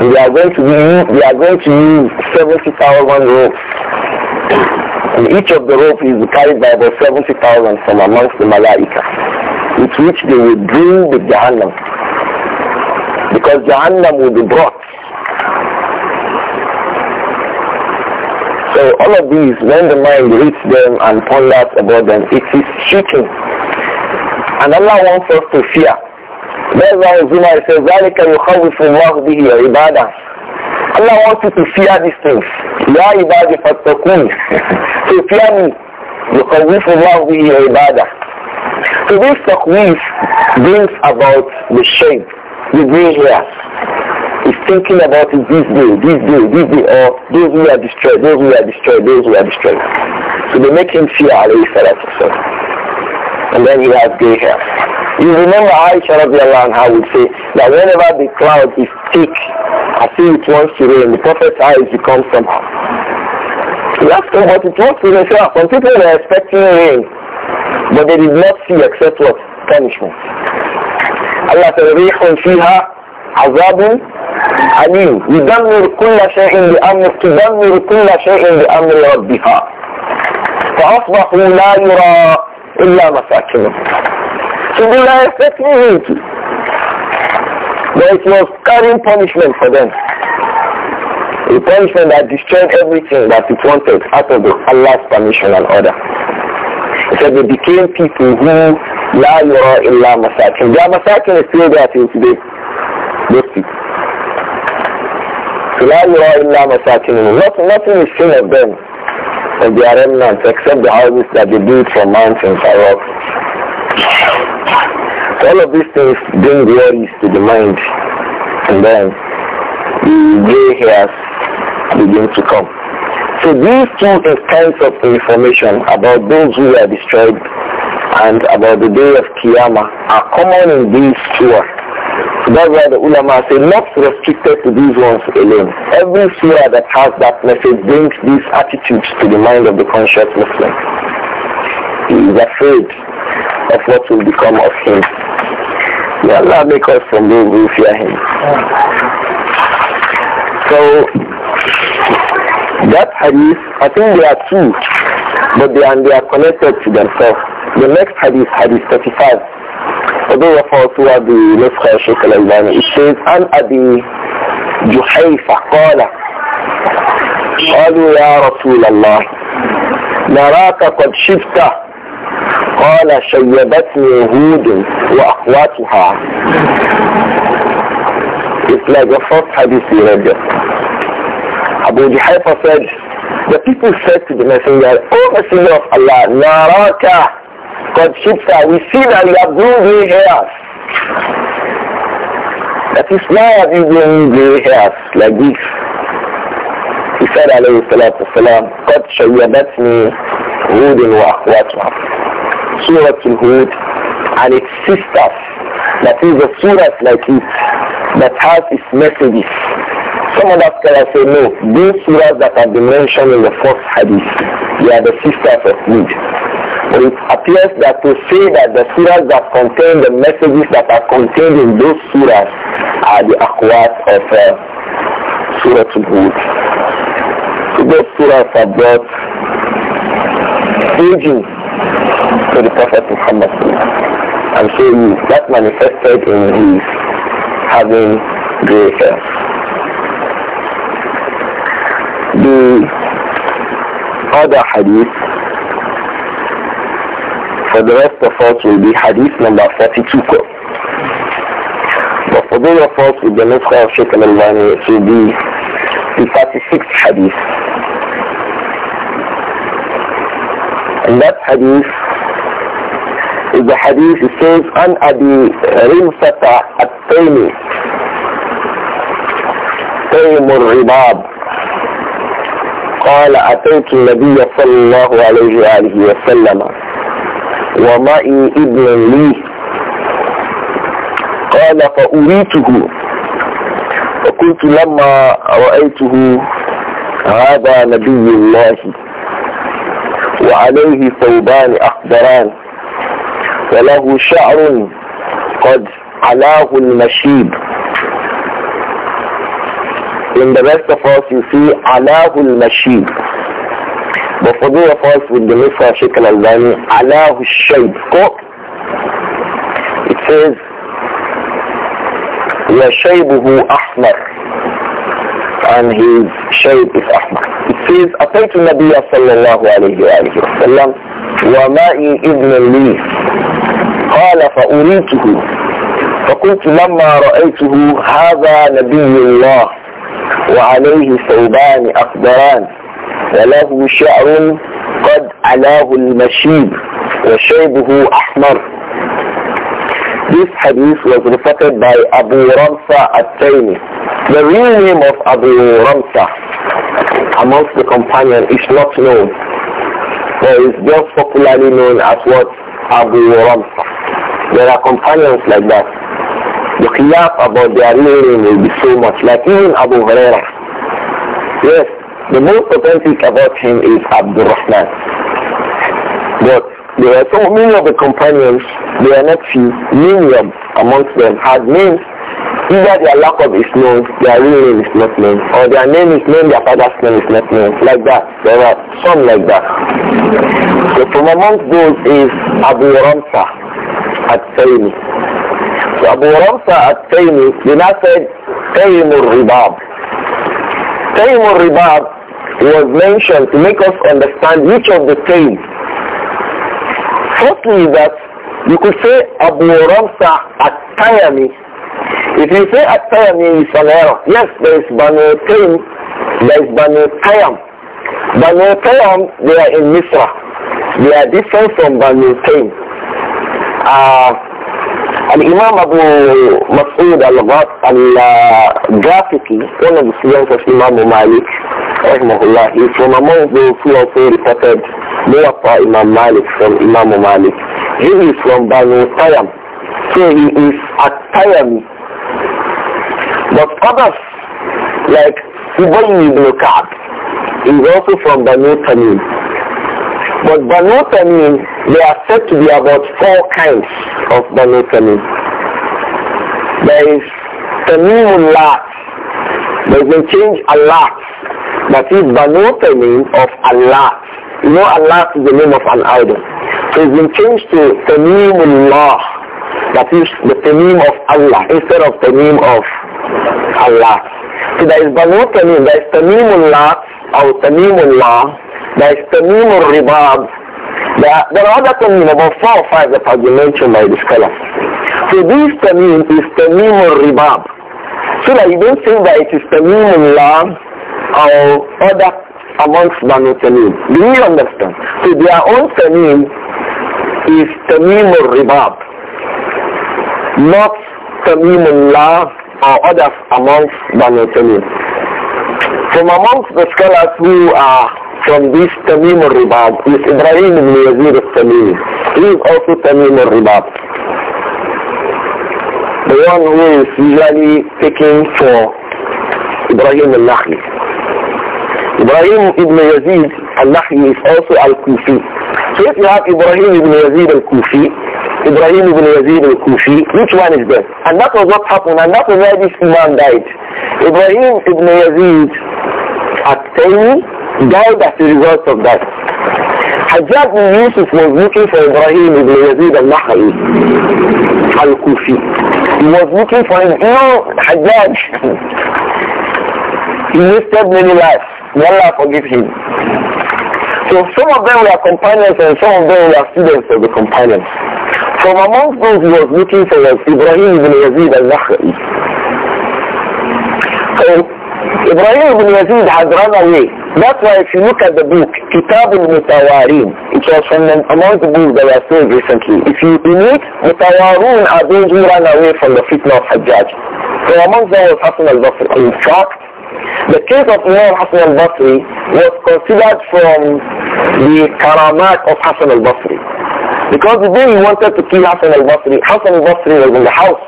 They are going to use, they are going to use 70,000 ropes. And each of the ropes is carried by about 70,000 from amongst the Malaika, with which they will bring the Jahannam. Because Jahannam will be brought. So all of these, when the mind reads them and ponders about them, it is cheating. And Allah wants us to fear. That's why Zuma says, ذَلِكَ يُخَوِّفُ اللَّهُ بِهِ عِبَادًا Allah wants you to fear these things. يَا عِبَادِ فَاتَّقُونِ So fear me. يُخَوِّفُ اللَّهُ بِهِ عِبَادًا So this takwif brings about the shame the gray hair is thinking about it this day, this day, this day, or those who are destroyed, those who are destroyed, those who are destroyed. So they make him fear alayhi salatu And then he has gray hair. You remember Aisha radiallahu anha would say that whenever the cloud is thick, I see it wants to rain, the prophet's eyes become somehow. He asked him what it wants to rain. Ah, some people were expecting rain, but they did not see except what? Punishment. Allah said, ريح فيها عذاب أليم يدمر كل شيء بأمر تدمر كل شيء بأمر ربها فأصبحوا لا يرى إلا مساكنهم So they were expecting him to. But it was carrying punishment for them. A punishment that destroyed everything that it wanted out of Allah's permission and order. He said they became people who la yura illa masakin. Their masakin is still there till today. Those people. So la yura illa masakin. nothing is seen of them, of their remnants, except the houses that they built from mountains and rocks. So all of these things bring worries to the mind. And then the gray hairs begin to come. So these two kinds of information about those who are destroyed and about the day of Qiyamah are common in these surah. So that's why the ulama say not restricted to these ones alone. Every surah that has that message brings these attitudes to the mind of the conscious Muslim. He is afraid of what will become of him. May Allah make us from those who fear him. So That hadith, I think there are two, but they are, they are connected to themselves. The next hadith, hadith 35, although of who are the Nusra Shaykh al-Albani, it says, An Abi جحيفة قال قالوا يا رسول الله نراك قد شفت قال شيبتني هود وأخواتها It's like the first hadith we read. Abu Juhayfa said, the people said to the messenger, O messenger of Allah, Naraka, God Shipta, we see that you have blue gray hairs. That is why have you grown gray hairs like this? He said, alayhi salatu wasalam, God shayyadatni hudin wa akhwatwa. Surah Hud and its sisters, that is a surah like it, that has its messages. Some of us scholars say no. These surahs that have been mentioned in the first hadith, they are the sisters of Eid. But it appears that to say that the surahs that contain the messages that are contained in those surahs are the akhwat of uh, Surah Hud. So those surahs are brought aging to the Prophet Muhammad. And so that manifested in his having gray hair the other hadith for the rest of us will be hadith number 42. But for those of us with the Nusra of Sheikh al-Albani, it will be the forty sixth hadith. And that hadith is the hadith it says, An Abi Rimsata at-Taymi, Taymur Ribab, قال أتيت النبي صلى الله عليه وآله وسلم ومعي ابن لي قال فأريته فقلت لما رأيته هذا نبي الله وعليه ثوبان أخضران وله شعر قد علاه المشيب in the rest of us you see Alahul Mashid. But for those of us with the Mifra Sheikh al-Albani, Allahu Alahul Shayd. It says, Shaybuhu أحمر and his shade is أحمر. It says, Nabiya أتيت alayhi wa الله wa وآله وسلم ومائي إذن لي قال فأريته فقلت لما رأيته هذا نبي الله وعليه ثوبان أخضران وله شعر قد علاه المشيب أحمر This hadith was reported by Abu Ramsa At-Taymi. The real name of Abu Ramsa amongst the companion is not known, but is just popularly known as what Abu Ramsa. There are companions like that. The khilaf about their meaning will be so much. Like even Abu Huraira. Yes, the most authentic about him is Abdul Rahman. But there are so many of the companions, they are not few, many of, amongst them had names. Either their lack of is known, their real name is not known, or their name is known, their father's name is not known. Like that. There are some like that. So from amongst those is Abu Ramsa at Salimi. Abu Ramsa al-Taymi, you now said al-Ribab. Taym al-Ribab was mentioned to make us understand which of the Taym. Firstly, that you could say Abu Ramsa at tayami If you say at tayami it's an error. Yes, there is Banu Taym, there is Banu tayam Banu tayam they are in Misra. They are different from Banu Taym. Uh, Al-Imam Abu Mas'ud al-Ghafiqi, one of the students of Imam Malik, rahimahullah, is from among those who also reported Muwatta Imam Malik from Imam Malik. He is from Banu Tayyam, so he is a Tayyami. But others, like Ubay ibn Ka'b, is also from Banu Tamim. But Banu Tamim, they are said to be about four kinds of Banu Tamim. There is Tamimullah. They can change Allah. That is Banu Tamim of Allah. You know Allah is the name of an idol. So it's been changed to Tamimullah. That is the name of Allah instead of name of Allah. So there is Banu Tamim, there is Tamimullah or Tamimullah there is the or Ribab. There, there are other Tamim, about four or five that have been mentioned by the scholars. So this Tamim is Tamim or Ribab. So that you don't think that it is Tamim in Lam or other amongst Banu Tamim. Do you understand? So their own Tamim is Tamim or Ribab. Not Tamim in or others amongst Banu Tamim. From amongst the scholars who are from this Tamim al-Ribab is Ibrahim ibn Yazid al-Tamim. He is also Tamim al-Ribab. The one who is usually taking for Ibrahim al-Nakhi. Ibrahim ibn Yazid al-Nakhi is also al-Kufi. So if you have Ibrahim ibn Yazid al-Kufi, Ibrahim ibn Yazid al-Kufi, which one is best? And that was what happened, and that was why this Imam died. Ibrahim ibn Yazid at 10 died as a result of that. Hajjaj bin Yusuf was looking for Ibrahim ibn Yazid al-Nahri al-Kufi. He was looking for him. You know, Hajjaj, he wasted many lives. May Allah forgive him. So some of them were companions and some of them were students of the companions. From among those he was looking for was Ibrahim ibn Yazid al-Nahri. So Ibrahim ibn Yazid had run away. That's why if you look at the book, Kitab al-Mutawarin, it was from the, among the books that I sold recently. If you read it, Mutawarun are those who ran away from the fitna of Hajjaj. So among them was Hassan al-Basri. In fact, the case of Imam Hassan al-Basri was considered from the karamat of Hassan al-Basri. Because the day he wanted to kill Hassan al-Basri, Hassan al-Basri was in the house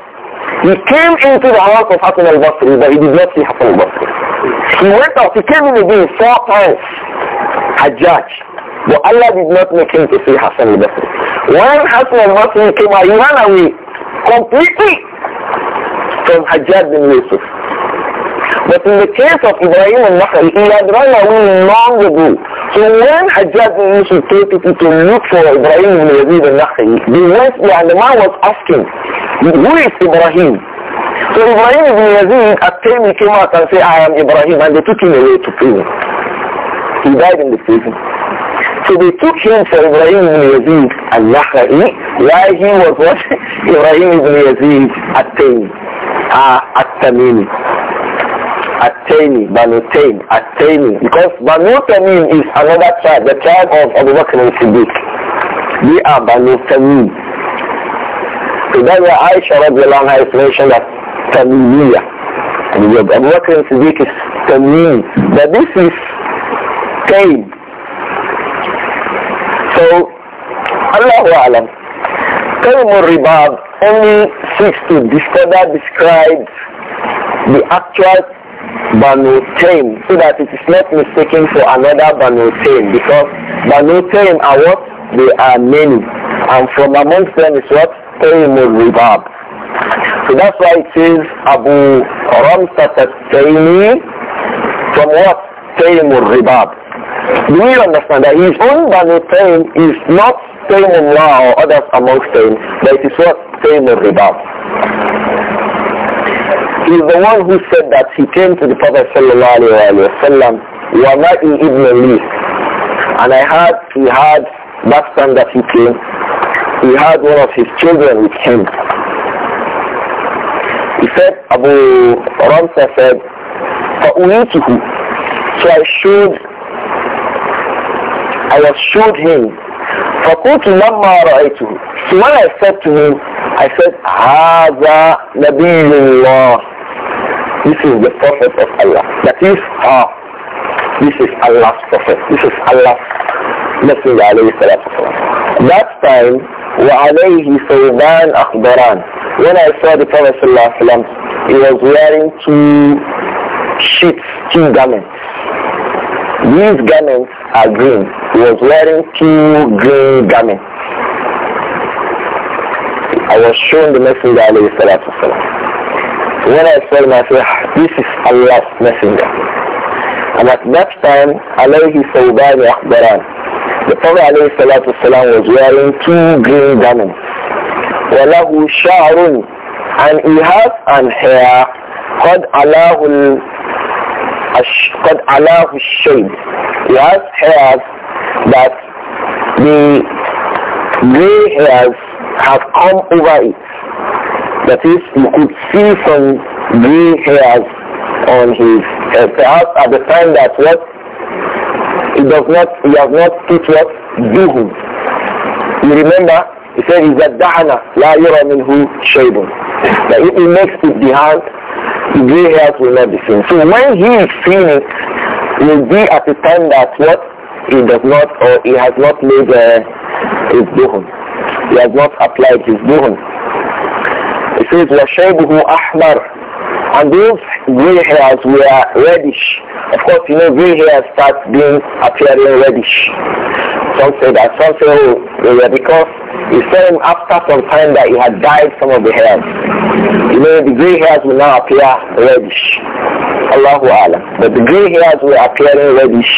he came into the house of Hassan al-Basri, but he did not see Hassan al-Basri. He went out, he came in again four times, Hajjaj. But Allah did not make him to see Hassan al-Basri. When Hassan al-Basri came out, he ran away completely from Hajjaj bin Yusuf. But in the case of Ibrahim al nakhil he had run away long ago. So when Hajjad Yusuf told people to look for Ibrahim ibn Yazid al nakhil the West the man was asking, who is Ibrahim? So Ibrahim ibn Yazid at time he came out and said, I am Ibrahim and they took him away to prison. He died in the prison. So they took him for Ibrahim ibn Yazid al Nakhari while he was what? Ibrahim ibn Yazid at Tamini Uh, at Tamini. Attaining, Banu Taim, Attaining Because Banu Tamim is another tribe, the tribe of Abu Bakr and Siddiq. We are Banu Tamim. So that's why Aisha radiallahu anha is mentioned that Tamimiyya. Abu Bakr and Siddiq is Tamim. But this is Taim. So, Allahu Alam. Taim ribab only seeks to discover, describe the actual Banu so that it is not mistaken for another Banu because Banu are what? They are many. And from amongst them is what? Taimul Ribab. So that's why it says Abu Ramsat Taimi from what? Taimul Ribab. Do you understand that his own Banu is not law or others amongst them, but it is what? Taimul Ribab. He is the one who said that he came to the Prophet sallallahu alayhi wa sallam, ibn Ali. And I heard he had, that time that he came, he had one of his children with him. He said, Abu Ramsa said, فأويته So I showed, I was showed him. فقلت لما رأيته So when I said to him, I said, هذا نبي الله this is the prophet of Allah. That is her. This is Allah's prophet. This is Allah's messenger alayhi salatu That time, وَعَلَيْهِ ثَوْبَانْ أَخْبَرَانْ When I saw the Prophet sallallahu alayhi wa he was wearing two sheets, two garments. These garments are green. He was wearing two green garments. I was shown the messenger alayhi salatu when I said myself, this is Allah's messenger. And at that time, alayhi sawban yahbaran. The Prophet alayhi salatu wasalam was wearing two green garments. وَلَهُ شَعْرٌ And he has an hair قَدْ عَلَاهُ قَدْ عَلَاهُ الشَّيْدِ He has hairs that the gray hairs have come over it. That is, you could see some green hairs on his head. Perhaps at the time that what he does not, he has not teach what duhu. You remember, he said, "Is that dana la yura minhu shaybun." That if he makes it the hand, the gray hairs will not be seen. So when he is seen, it will be at the time that what he does not or he has not made uh, his duhun. He has not applied his duhun. سيد وشابه احمر عندهم gray hairs were reddish. Of course, you know, gray hairs start being appearing reddish. Some say that, some say, oh, they were because he saw him after some time that he had dyed some of the hairs. You know, the gray hairs will now appear reddish. Allahu Alam. But the gray hairs were appearing reddish,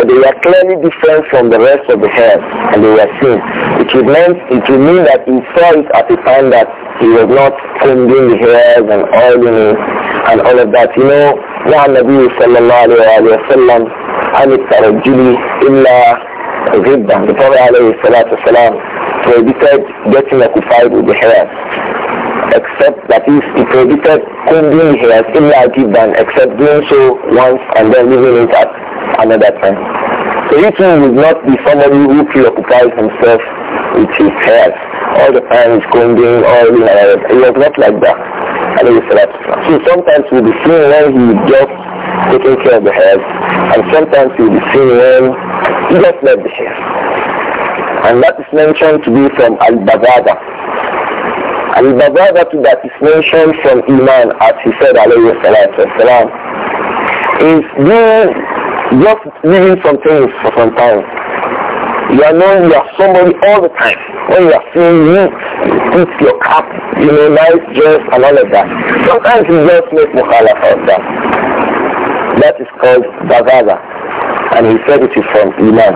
but they were clearly different from the rest of the hairs, and they were seen. It would mean, it would mean that he saw it at the time that he was not combing the hairs and oiling it and all of said that, you know, نهى النبي صلى الله عليه وسلم عن الترجل إلا غبا. The Prophet عليه الصلاة والسلام prohibited getting occupied with the hair except that is he prohibited combing hairs إلا غبا except doing so once and then leaving it at another time. So it will not be somebody who preoccupied himself with his hair all the time, combing, all, you know, it was not like that. So sometimes we'll be seeing when he just taking care of the hair, and sometimes we'll be seeing when he just left the hair. And that is mentioned to be from Al-Bazada. Al-Bazada to is mentioned from Iman, as he said, alayhi salatu wasalam, is being just leaving some things for some time. You are known, you are somebody all the time. When you are seeing you, put your cap, you know, nice dress and all of that. Sometimes you just make mukhalafa for that. That is called Bagada. And he said it is from Iman.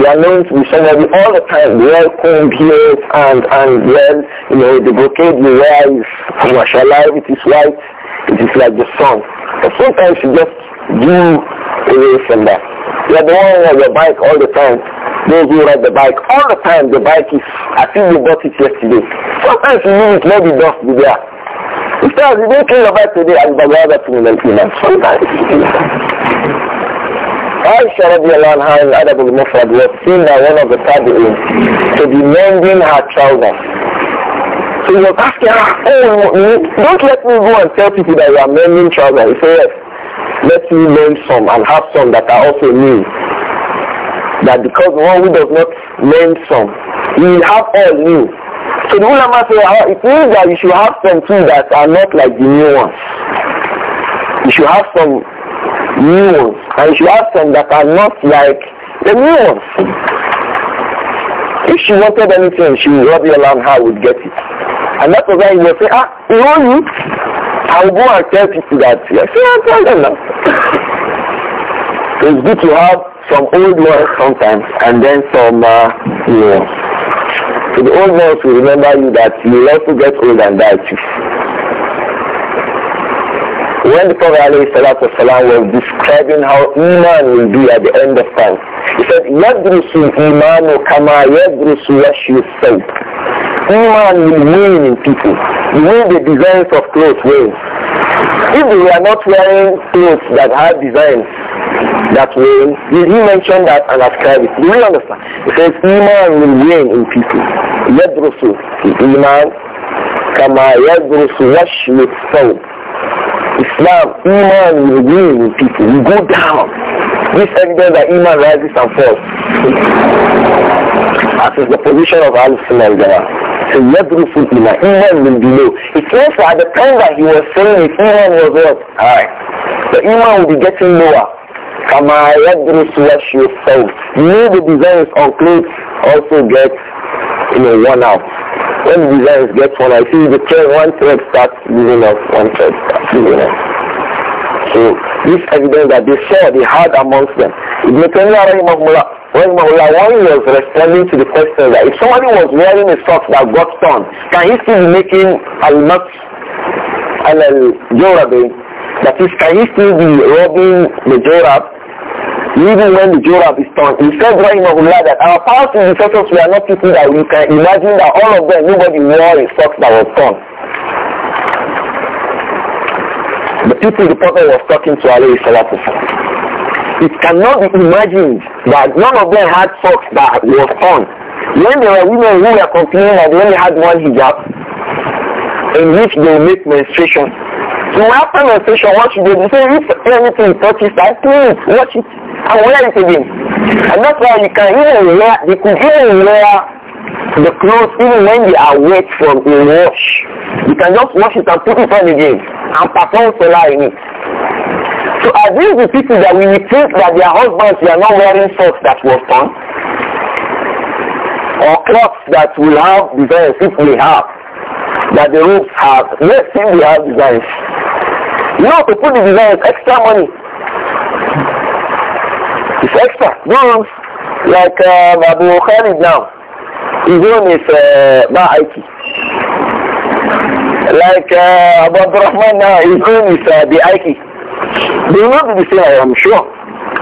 You are known to be somebody all the time, well combed here and, and well, you know, the brocade you wear is, mashallah, it is white, it is like the sun. But sometimes you just do away from that. You're the one on your bike all the time. Those who ride the bike all the time, the bike is, I think you bought it yesterday. Sometimes you leave it, let the dust there. Instead, you don't clean your bike today, and the other thing will clean up. Sometimes. be alone. How? in Adab al-Mufrad was seen that one of the tabi'in to be mending her trousers. So he was asking her, oh, don't let me go and tell people that you are mending trousers. He said, yes let me learn some and have some that are also new. That because one who does not learn some, he will have all new. So the ulama say, ah, it means that you should have some too that are not like the new ones. You should have some new ones. And you should have some that are not like the new ones. If she wanted anything, she would rub your lamb, how would get it. And that's why you will say, ah, you know you, I will go and tell people that, yes, I tell them it's good to have some old ones sometimes and then some, uh, you know. So the old ones will remember you that you also get old and die too when the Prophet والسلام, was describing how Iman will be at the end of time, he said, "Yadrusu imanu kama yadrusu وَشْيُ السَّوْءِ Iman will mean in people. You mean the designs of clothes ways. If they are not wearing clothes that have designs that did he mention that and ascribed it. Do you understand? He says, Iman will reign in people. Yadrusu iman kama yadrusu وَشْيُ السَّوْءِ Islam, Iman will agree with people. We go down. This evidence that Iman rises and falls. As is the position of Al-Sunnah al-Jama'ah. So yadrufu ila iman will be low. It means that at the time that he was saying it, iman was what? Alright. The iman will be getting lower. Kama yadrufu yashu yourself. You know the desires on clothes also get, you know, worn out. When the designs get one, I see the thread, one thread starts giving up, one thread starts giving up. So this evidence that they saw, they had amongst them. Ibn Taymiyyah when he was responding to the question that if somebody was wearing a sock that got torn, can he still be making al-mat al-jorabin? That is, can he still be rubbing the jorab even when the job is torn. He said, Rahimahullah, that our past we were not people that we can imagine that all of them, nobody wore a socks that was torn. The people the Prophet was talking to, Ali salatu It cannot be imagined that none of them had socks that was torn. When there were women who were complaining that they only had one hijab, in which they make menstruation, so after menstruation, what should they do? Say, if anything touches that, please watch it and wear it again. And that's why you can even wear, they could even wear the clothes even when they are wet from a wash. You can just wash it and put it on again and perform solar in it. So are these the people that we think that their husbands were not wearing socks that was torn? Or clothes that will have designs if we have, that the rooms have. see if we have designs. You know, to put the designs extra money. is extra. Goods. Like uh, Abu Khalid now. he's doing his uh, IT Like uh, Abu Abdurrahman now, he's doing his uh, the IT They will be the same, I'm sure.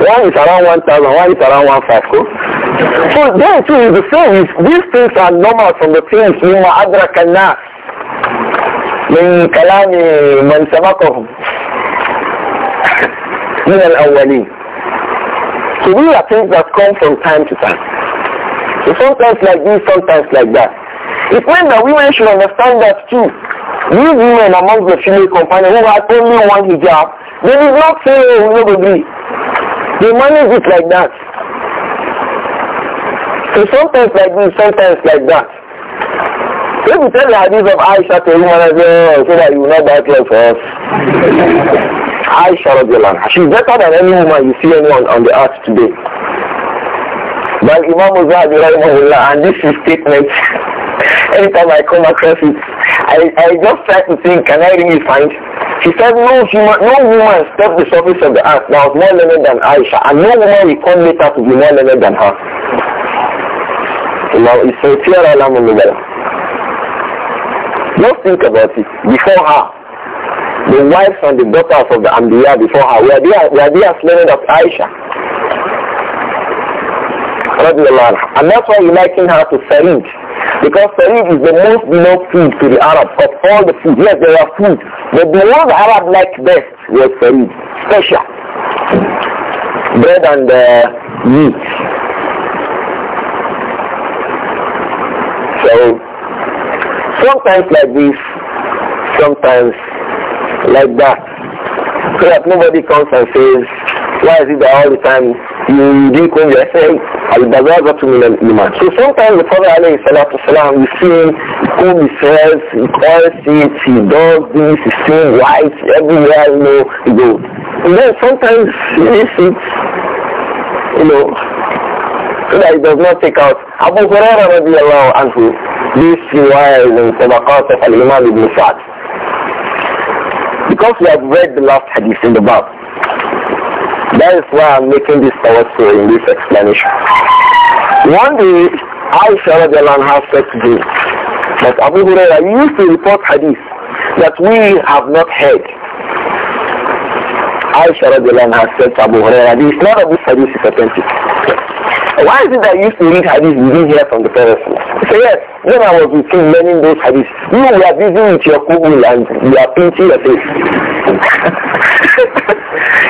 One is around 1,000, one is around 1,500. Cool? So then too is the same. It's, these things are normal from the things you أدرك الناس من كلام من سبقهم من الأولين So we are things that come from time to time. So sometimes like this, sometimes like that. It meant that women should understand that too. These women among the female companions who had only one hijab, they did not say, oh, we do agree. They manage it like that. So sometimes like this, sometimes like that. If you tell the hadith of Aisha to a woman as well, oh, so that you will not buy clothes for us. Aisha Radiallahu she's better than any woman you see anyone on the earth today. But Imam Zahabi Rahimahullah, and this is statement, anytime I come across it, I, I just try to think, can I really find? She said, no human, no woman stepped the surface of the earth that was more learned than Aisha, and no woman will come later to be more learned than her. Allah is sincere, Allah just think about it. Before her, the wives and the daughters of the Ambiya before her, were they, there they as learned of Aisha? And that's why we liken her to Sarid. Because Sarid is the most beloved food to the Arab. Of all the food, yes, there are food. But the one Arab liked best was Sarid. Special. Bread and uh, meat. So Sometimes like this, sometimes like that. So that nobody comes and says, why is it that all the time you drink when you're saying, al-bazaza to min al-iman. So sometimes the Prophet alayhi salatu salam, you see him, he comb his hairs, he coils it, he does this, he seeing white everywhere, you know, he goes. And then sometimes you see, you know, so that it does not take out. Abu Hurairah radiallahu anhu, this riwayah is in Sadaqat of Al-Imam ibn Sa'd. Because we have read the last hadith in the Bab, that is why I'm making this tawassul in this explanation. One day, Aisha radiallahu anha said to me that Abu Hurairah used to report hadith that we have not heard Aisha radiallahu anha said to Abu this is not a this hadith is authentic. Why is it that you used to read hadith you didn't hear from the Prophet? He said, yes, when I was with him learning those hadiths, you were busy with your cooking and you are pinching your face.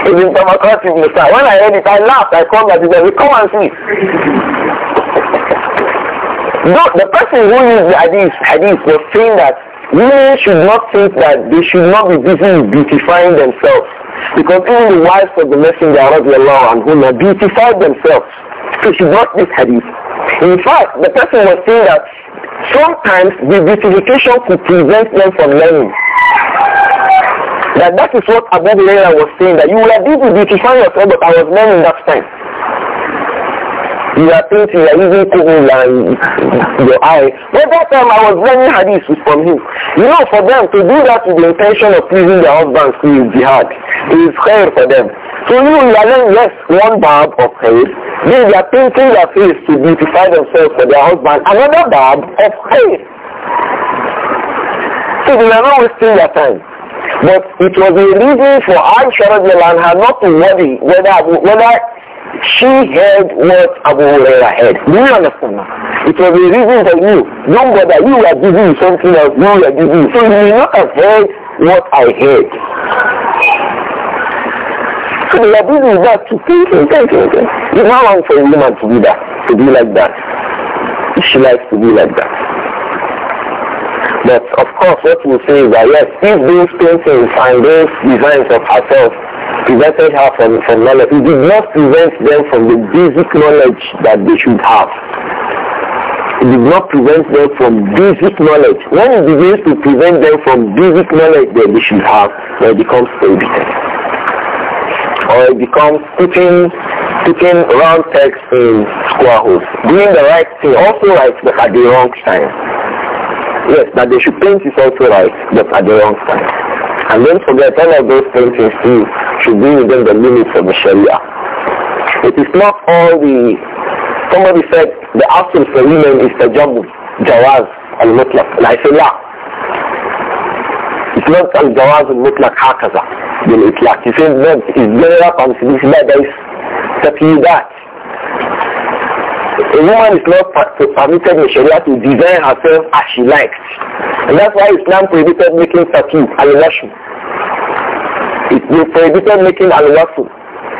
When I read it, I laughed. I called my teacher, come and see. Though the person who used the hadith, hadith was saying that Women should not think that they should not be busy beautifying themselves because even the wives of the messenger of Allah and whom beautified themselves. So she brought this hadith. In fact, the person was saying that sometimes the beautification could prevent them from learning. That that is what Abu Huraira was saying, that you were have to beautify yourself, but I was learning that time. You are thinking you are even cool your eye. But that time I was learning hadith from him. You know, for them to do that with the intention of pleasing their husbands through jihad is hard for them. So you not yes, one bad of hate, then they are thinking that face to beautify themselves for their husband, another bad of hate. So they are not wasting their time. But it was a reason for Aisha Anha not to worry whether, whether she heard what Abu Huraira heard. Do you understand It was a reason for you. Young brother, you were giving something else, you were giving. So you may not have heard what I heard. So your business is that to think, think, think, think. It's not wrong for a woman to be that, to be like that. If she likes to be like that. But of course, what we say is that yes, if these paintings and those designs of herself prevented her from, from knowledge, it did not prevent them from the basic knowledge that they should have. It did not prevent them from basic knowledge. When it begins to prevent them from basic knowledge that they should have, it becomes prohibited or it becomes putting putting round text in square holes. Doing the right thing also right, but at the wrong time. Yes, that they should paint is also right, but at the wrong time. And don't forget, all of those paintings too should be within the limits of the Sharia. It is not all the... Somebody said the action for women is the job of Jawaz al-Mutlaq. And I say, yeah. It's not al-Jawaz al-Mutlaq hakaza. بالإطلاق he said that is general permissibility that there is that a woman is not permitted in Sharia to design herself as she likes. And that's why Islam prohibited making tattoo, al It prohibited making al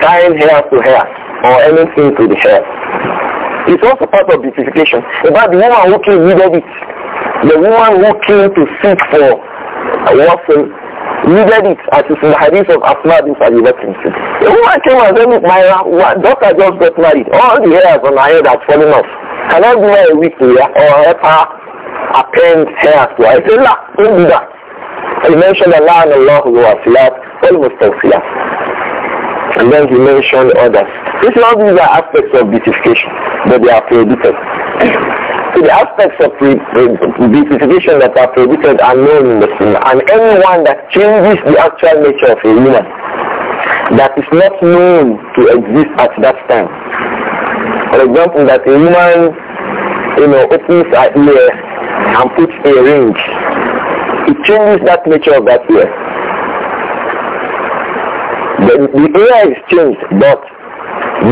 tying hair to hair, or anything to the hair. It's also part of beautification. About the woman who came rid it, the woman who came to seek for a waffle needed it as is in the hadith of Asma bin Abi Bakr. A woman came and said, my daughter just got married. All the hairs on her head are falling off. Can I give her a week here or help her append hair?" to her? I said, "La, don't do that. He mentioned Allah and Allah who was left, all mustawfiyat. And then he mentioned others. These are all these are aspects of beautification, but they are prohibited to the aspects of beautification that are prohibited are known in the Sunnah. And anyone that changes the actual nature of a woman that is not known to exist at that time. For example, that a woman, you know, opens her ear and puts a ring. It changes that nature of that ear. The, the ear is changed, but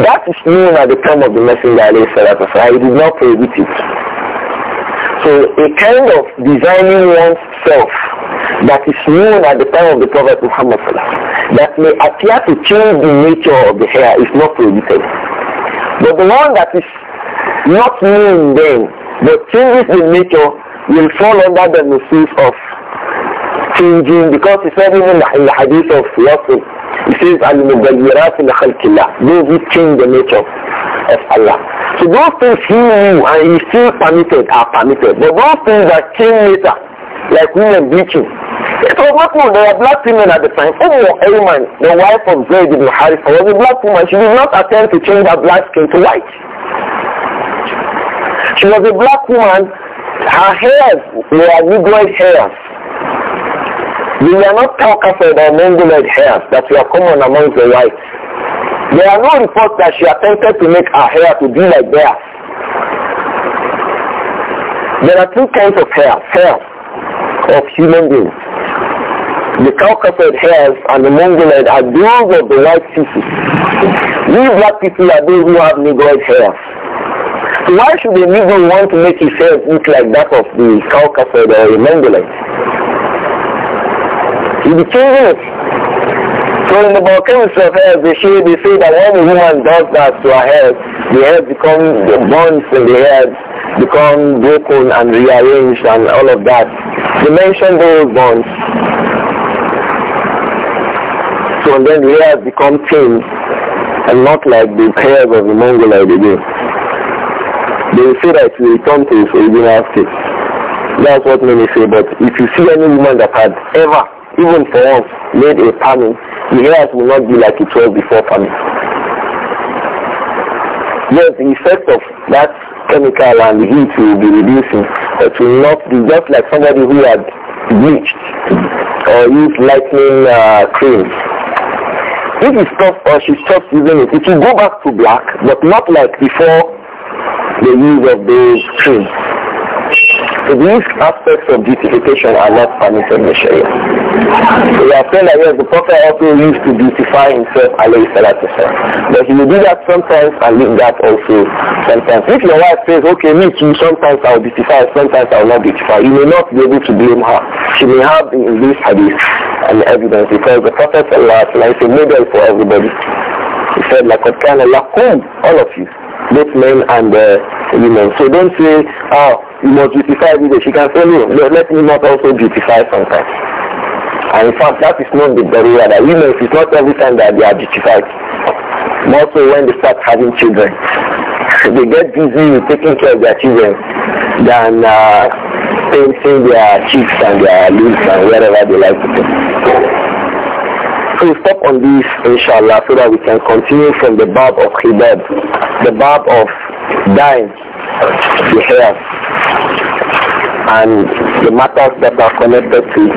that is known at the time of the Messenger, alayhi salatu He did not prohibit it. So a kind of designing oneself that is known at the time of the Prophet Muhammad that may appear to change the nature of the hair is not prohibited. But the one that is not known then, but changes the nature, will fall under the misuse of changing because it's not even in the hadith of Rasul it says, Al-Mubayyirat al-Khalqillah. Those who change the nature of Allah. So those things he knew and he still permitted are permitted. But those things that came later, like women bleaching, it was not known. There were black women at the time. Umm Ayman, the wife of Zayd ibn Haritha, was a black woman. She did not attempt to change her black skin to white. She was a black woman. Her hairs were negroid hairs. We are not cow or mangled hairs that are common among the whites. There are no reports that she attempted to make her hair to be like theirs. There are two kinds of hair, hair of human beings. The caucasoid hairs and the mongoloid are those of the white people. We black people are those who have negroid hairs. So why should a Negro want to make his hair look like that of the caucasoid or the mongoloid? You'll be changing it. So in the biochemistry of hair, they say, they say that when a woman does that to her hair, the hair becomes, the bonds in the hair become broken and rearranged and all of that. They mention those bonds. So then the hair become thin and not like the hairs of the mongoloid again. They say that it will return to its original state. That's what many say, but if you see any woman that had ever even for us, made a famine, the heirs will not be like it was before famine. Yes, the effect of that chemical and the heat will be reducing, but will not be just like somebody who had bleached or used lightning uh, cream. If is stops or she stops using it, it will go back to black, but not like before the use of those creams. So these aspects of beautification are not permitted in the Sharia. We are saying that yes, the Prophet also used to beautify himself, alayhi salatu But he will do that sometimes and leave that also sometimes. If your wife says, okay, me too, sometimes I'll beautify, sometimes I'll not beautify, you may not be able to blame her. She may have in this hadith and evidence because the Prophet is a model for everybody. He said, "Like لَقَدْ كَانَ لَكُمْ All of you, both men and uh, women. So don't say, oh, you must beautify me. She can say, no, let me not also beautify sometimes. And in fact, that is not the barrier that women, it is not every time that they are beautified. More so when they start having children. they get busy taking care of their children than uh, painting their cheeks and their lips and wherever they like to do. So we stop on this, inshallah, so that we can continue from the bab of Khidab, the bab of dying, the hair and the matters that are connected to it.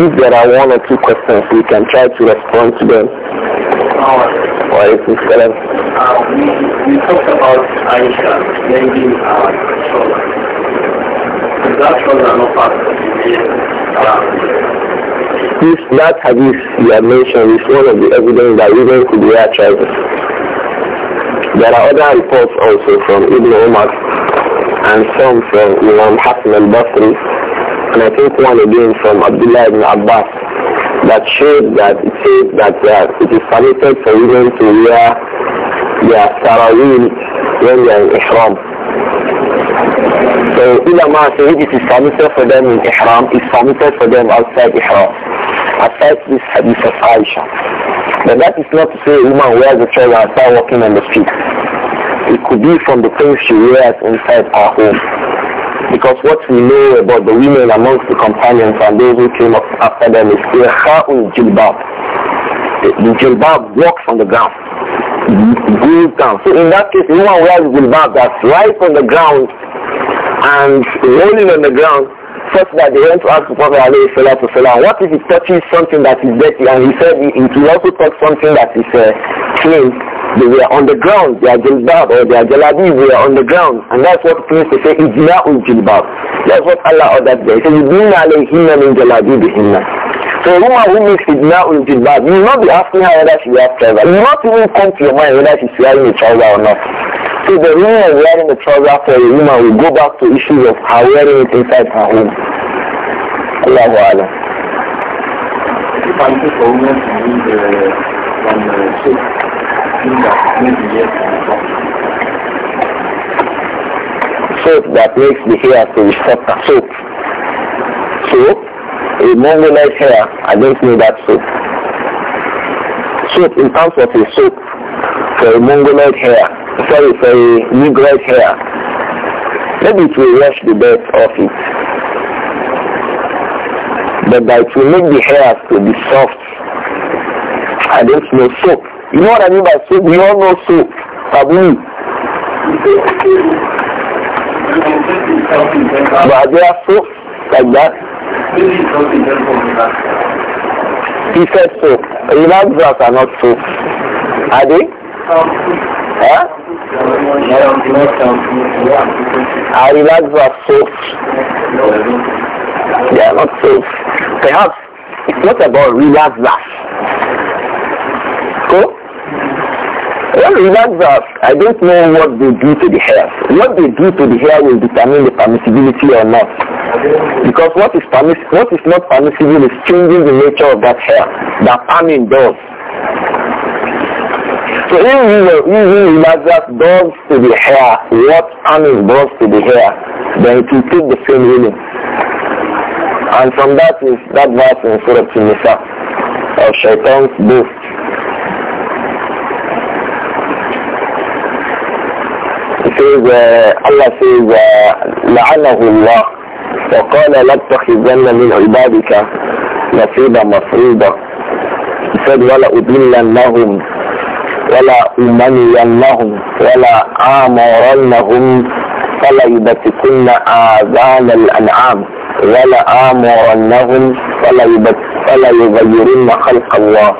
If there are one or two questions, we can try to respond to them. Or if we them. Uh, we, talked about Aisha lending our children. Is that children not part of the this, that hadith you have mentioned is one of the evidence that women could wear trousers. There are other reports also from Ibn Umar and some from Imam Hassan al-Basri and I think one again from Abdullah ibn Abbas that showed that it says that uh, it is permitted for women to wear their sarawil when they are in ihram. So ulama say it is permitted for them in ihram, it's permitted for them outside ihram aside this hadith of Aisha. But that is not to say a woman wears a trouser and start walking on the street. It could be from the things she wears inside her home. Because what we know about the women amongst the companions and those who came up after them is Ikha'ul Jilbab. The, Jilbab walks on the ground. Goes down. So in that case, a woman wears Jilbab that's right on the ground and rolling on the ground such that they went to ask the Prophet alayhi salatu salam, what if it touches something that is dirty? And he said if it also touch something that is uh, clean. They were on the ground, are jilbab or their They were on the ground. And that's what it means to say, ijna'ul jilbab. That's what Allah ordered there. He said, yudina alayhinna min jalabi bihinna. So a woman who makes ijna'ul jilbab, you will not be asking her whether she wears trouser. You will not even come to your mind whether she's wearing a trouser or not. So the woman of wearing the trouser for a woman will go back to issues of her wearing it inside her home. Allahu Alam. If I take a woman to read the, from the Sheikh, soap that makes the hair to be softer. Soap. Soap. A mongolized hair, I don't know that soap. Soap in terms of a soap for a mongolized hair, sorry, sorry, regress hair. Maybe it will wash the dirt off it. But that it will make the hair to be soft. I don't know soap. You know what I mean by soap? We all know soap. Taboo. But are there soaps like that? He said soap. Relaxers are not soap. Are they? Huh? Our rivers are soaked. They are not safe. Perhaps it's not about rivers that. So, when rivers are, I don't know what they do to the hair. What they do to the hair will determine the permissibility or not. Because what is, permiss what is not permissible is changing the nature of that hair that palming does. So if you were using Ibadat dogs to the hair, what Anis brought to the hair, then it will take the same meaning. And from that is that verse in Surah Tunisa of Shaitan's boast. It says, uh, Allah says, لعنه الله وقال لاتخذن من عبادك نصيبا مفروضا. He said, وَلَأُضِلَّنَّهُمْ ولا أمنينهم ولا آمرنهم فليبتكن آذان الأنعام ولا آمرنهم فليغيرن خلق الله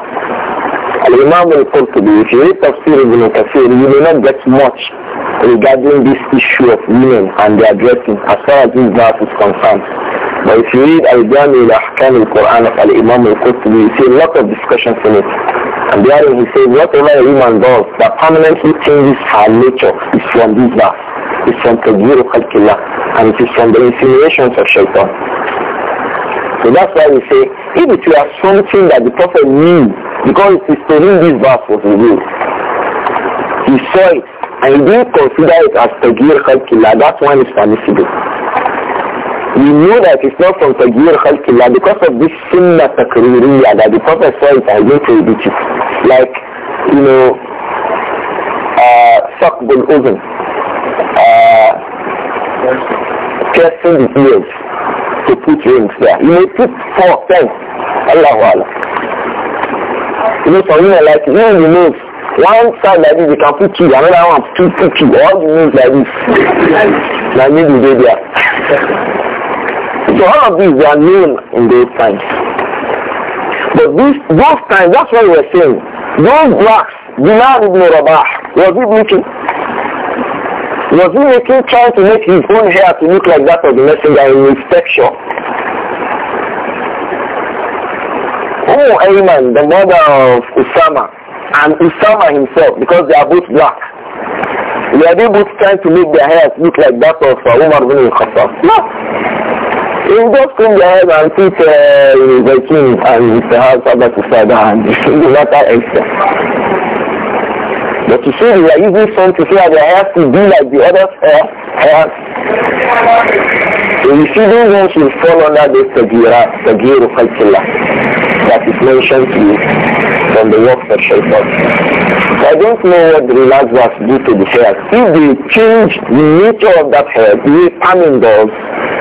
الإمام القرطبي في تفسير ابن كثير you may not get much regarding this issue of women and their dressing as far as this verse is concerned. But if you read Al-Jami al-Ahkam al-Quran of Al-Imam al-Qurtubi, you see a lot of discussions in it. And there he says, whatever a woman does that permanently changes her nature is from this verse. It's from Tagir al-Khalqillah. And it is from the insinuations of shaitan. So that's why we say, if it were something that the Prophet knew, because he's telling him this verse was revealed. He saw it, and he didn't consider it as Tagir al-Khalqillah. That one is permissible we know that it's not from Tagir Khalqillah because of this Sunnah Takririya that the Prophet saw it and going to Like, you know, uh, Saqbul Uzun, uh, piercing the ears to put rings there. You may put four, ten, Allahu Allah. You know, for you, like, you know, you know, one side like this, you can put two, another one, two, two, two, all the moves like this. Now, maybe they there. So all of these were known in those times. But this, those times, that's what we were saying. Those blacks, Bilal ibn Rabah, was he making? Was he making, trying to make his own hair to look like that of the messenger in his texture? Oh, Ayman, the mother of Usama, and Usama himself, because they are both black, were they both trying to make their hair look like that of uh, Umar ibn al-Khattab? No. You just comb and teach uh, the king and Mr. House about the father and it should be But you see, they are using some to say that they have to be like the other uh, hair. So you see, those ones will fall under the Sagira, Sagira Khalkillah that is mentioned to you from the work of Shaitan. I don't know what the last was due to the hair. If they change the nature of that hair, the farming does,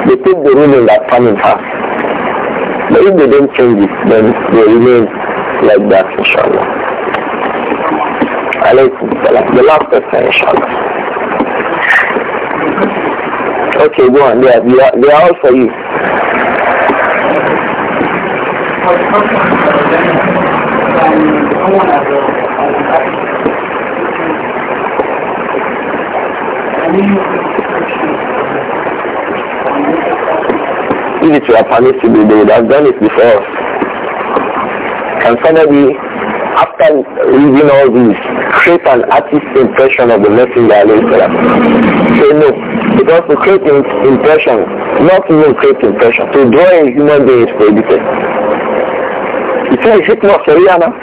they take the ruling that famine has. But if they don't change it, then they remain like that, inshallah. Alaykum salam. The last person. inshallah. Okay, go on. They are, they are, they are all for you. Thank you. Give it to permissible, they have done it before And finally, after reading all this, create an artist impression of the messenger Say no, because to create an impression, not even create impression, to draw a human being is prohibited. see, I it's not Shariana.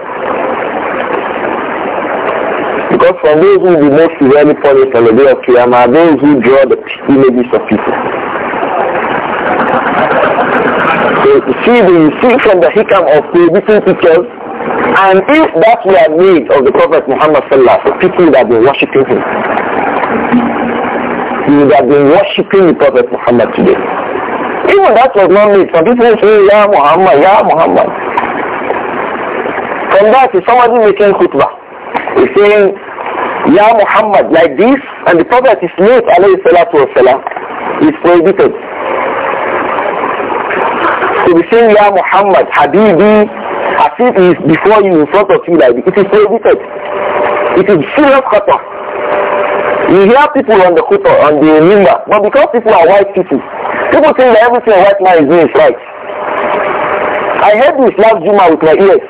Because from those who will be most severely punished on the day of Qiyamah are those who draw the images of people. So see, the, see from the hikam of the prohibiting pictures, and if that were made of the Prophet Muhammad sallallahu alaihi people that were worshipping him, he would have been worshipping the Prophet Muhammad today. Even that was not made. Some people say, Ya Muhammad, Ya Muhammad. From if somebody making khutbah. He's saying, Ya Muhammad, like this, and the Prophet is late, alayhi salatu wasalam, is prohibited. So we say, Ya Muhammad, Habibi, as if is before you, in front of you like this. It is prohibited. It is serious khutbah. You hear people on the khutbah, on the member, but because people are white people, people think that everything a white man is doing is right. I heard this last Juma with my ears.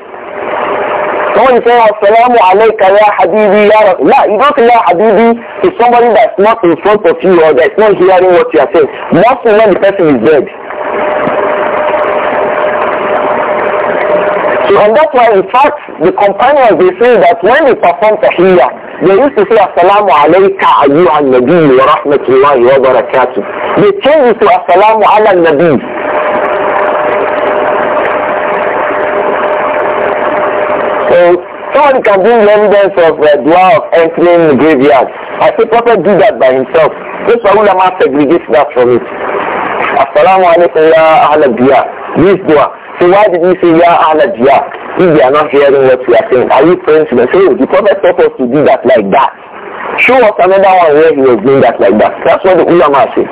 Someone is saying, Assalamu alayka ya habibi ya La, you don't say ya habibi to somebody that's not in front of you or that's not hearing what you are saying. Most time the person is dead. And that's why, in fact, the companions, they say that when they perform tahiyya, they used to say, Assalamu alayka ayyuha nabi wa rahmatullahi wa barakatuh. They change it to Assalamu ala nabi. So, someone can bring evidence of uh, dua of entering the graveyard. I say, Prophet did that by himself. This ulama segregates that from it. Assalamu alaykum ya ahla diya. This dua. So why did you say, Ya Ahmad, Ya? If they are not hearing what we are saying, are you praying to them? So the Prophet taught us to do that like that. Show us another one where he was doing that like that. That's what the ulama say.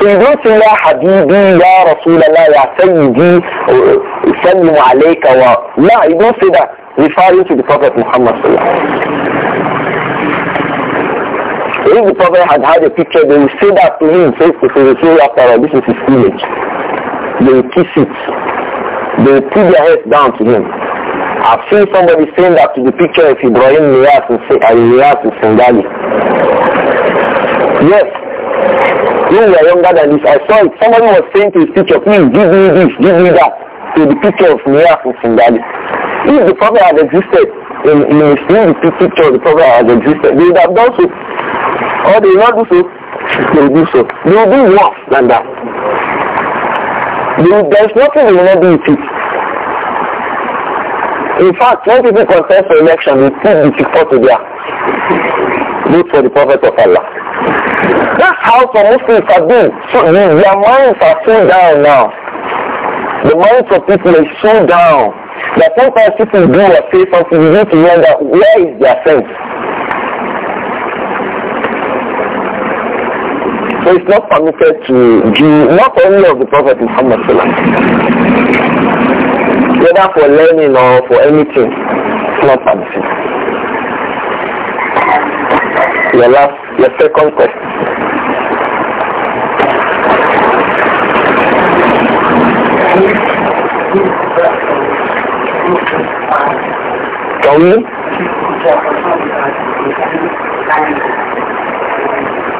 So you don't say, Ya Habibi, Ya Rasulallah, Ya Sayyidi, Sallimu Alayka, Wa... No, you don't say that. Referring to the Prophet Muhammad Sallallahu so if the Prophet had had a picture, they would say that to him face to face, say, after all, this is his image. They will kiss it. They will put their head down to him. I've seen somebody saying that to the picture of Ibrahim Niyas and say, Niyas in uh, Sengali. Yes. When we are younger than this, I saw it. Somebody was saying to his picture, please give me this, give me that, to the picture of Niyas in Sengali. If the problem had existed, in, in his the picture the problem has existed, they would have done so. Or they will not do so. They will do so. They will do worse than that. There is nothing you will not do with it. In fact, when people contest for election, they put the support to their vote for the prophet of Allah. That's how some Muslims are doing. So their minds are so down now. The minds of people are so down that sometimes people do or say something, you need to wonder where is their sense. So it's not permitted to do not only of the Prophet Muhammad whether for learning or for anything, it's not permitted. Your last, your second question. Can me.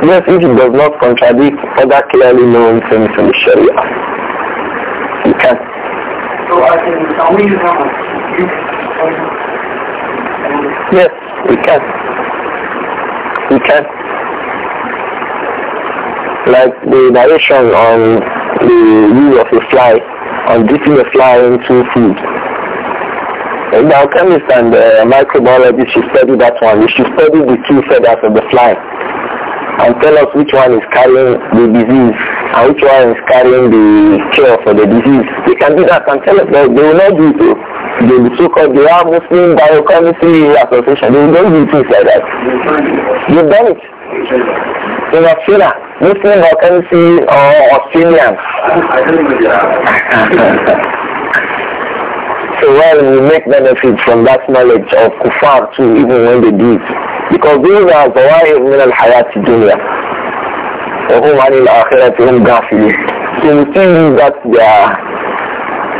Yes, if it does not contradict other clearly known things in the Sharia. You can. So I can tell you use Yes, we can. We can. Like the narration on the use of a fly, on dipping a fly into food. And the alchemist and the uh, microbiologist should study that one. We should study the two feathers of the fly and tell us which one is carrying the disease and which one is carrying the cure for the disease. They can do that and tell us that they will not do it. Oh. They will so-called, the are Muslim Biochemistry Association. They will not do things like that. They've done it. In Australia, Muslim Biochemistry or Australians. a while we make benefit from that knowledge of kufar too, even when they do it. Because these are the way min al-hayat dunya. وهم عن الآخرة هم غافلون. So we still use that they are,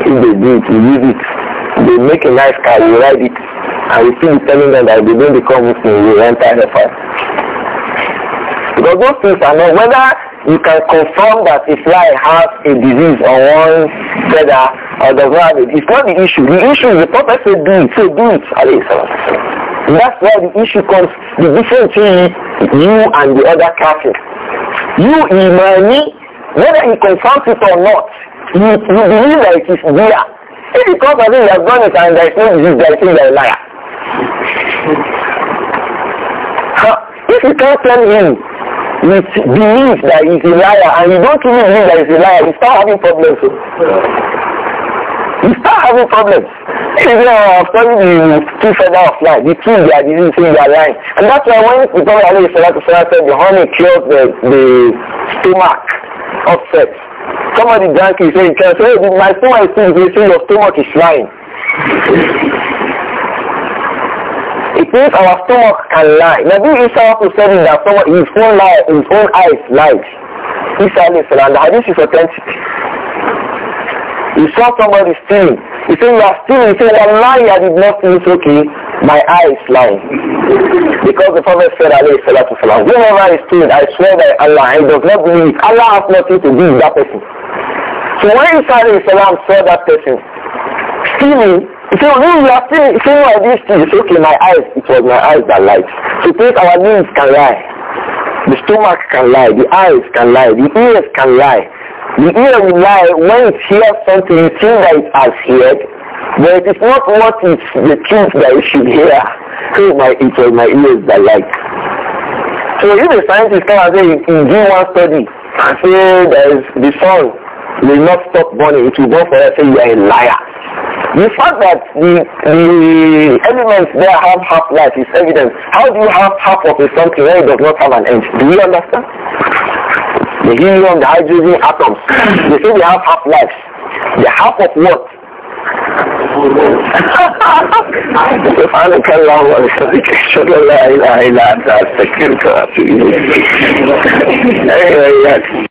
if they do it, we use it. They make a nice car, we ride it, and we still telling them that they don't become Muslim, we enter the fire. Because those things are not, whether you can confirm that a fly has a disease on one feather or does not have it. It's not the issue. The issue is the prophet said do it, so do it. That's where the issue comes, the difference between you and the other kafir. You imani, whether he confirms it or not, you, you believe that it is there. If he comes and you have done it and there is no disease, there is no liar. If you can't tell him you believe that he's a liar and you don't even believe that he's a liar, you start having problems. You start having problems. Even uh, after you two feather of life, the two they are using in their line. And that's why when the Prophet Ali Salatu said the honey cures the, the stomach upset. Somebody drank it, he said, hey, my stomach is still, your stomach is lying. It means our stomach can lie. Maybe Isa also said in that stomach, his own lie, his own eyes lied. He alayhi salam, the hadith is authentic. He saw somebody stealing. He said, you are stealing. He said, Wallahi, I did not see it okay. My eyes lying. because the Prophet said, alayhi salatu salam, whoever is stealing, I swear by Allah, he does not believe Allah has nothing to do with that person. So when Isa alayhi salam saw that person stealing, so when we are seeing seeing all these things, okay, my eyes, it was my eyes that lied. So please, our limbs can lie. The stomach can lie. The eyes can lie. The ears can lie. The ear will lie when it hears something, you think that it has heard, but it is not what is the truth that it should hear. So my, it was my ears that lied. So if a scientist comes and say, in do one study, and say there is the sun will not stop burning. It will burn forever. Say you are a liar. The fact that the, the elements there have half-life is evident. How do you have half of a something when it does not have an end? Do you understand? The helium, the hydrogen atoms, they say they have half-lives. The half of what? سبحانك اللهم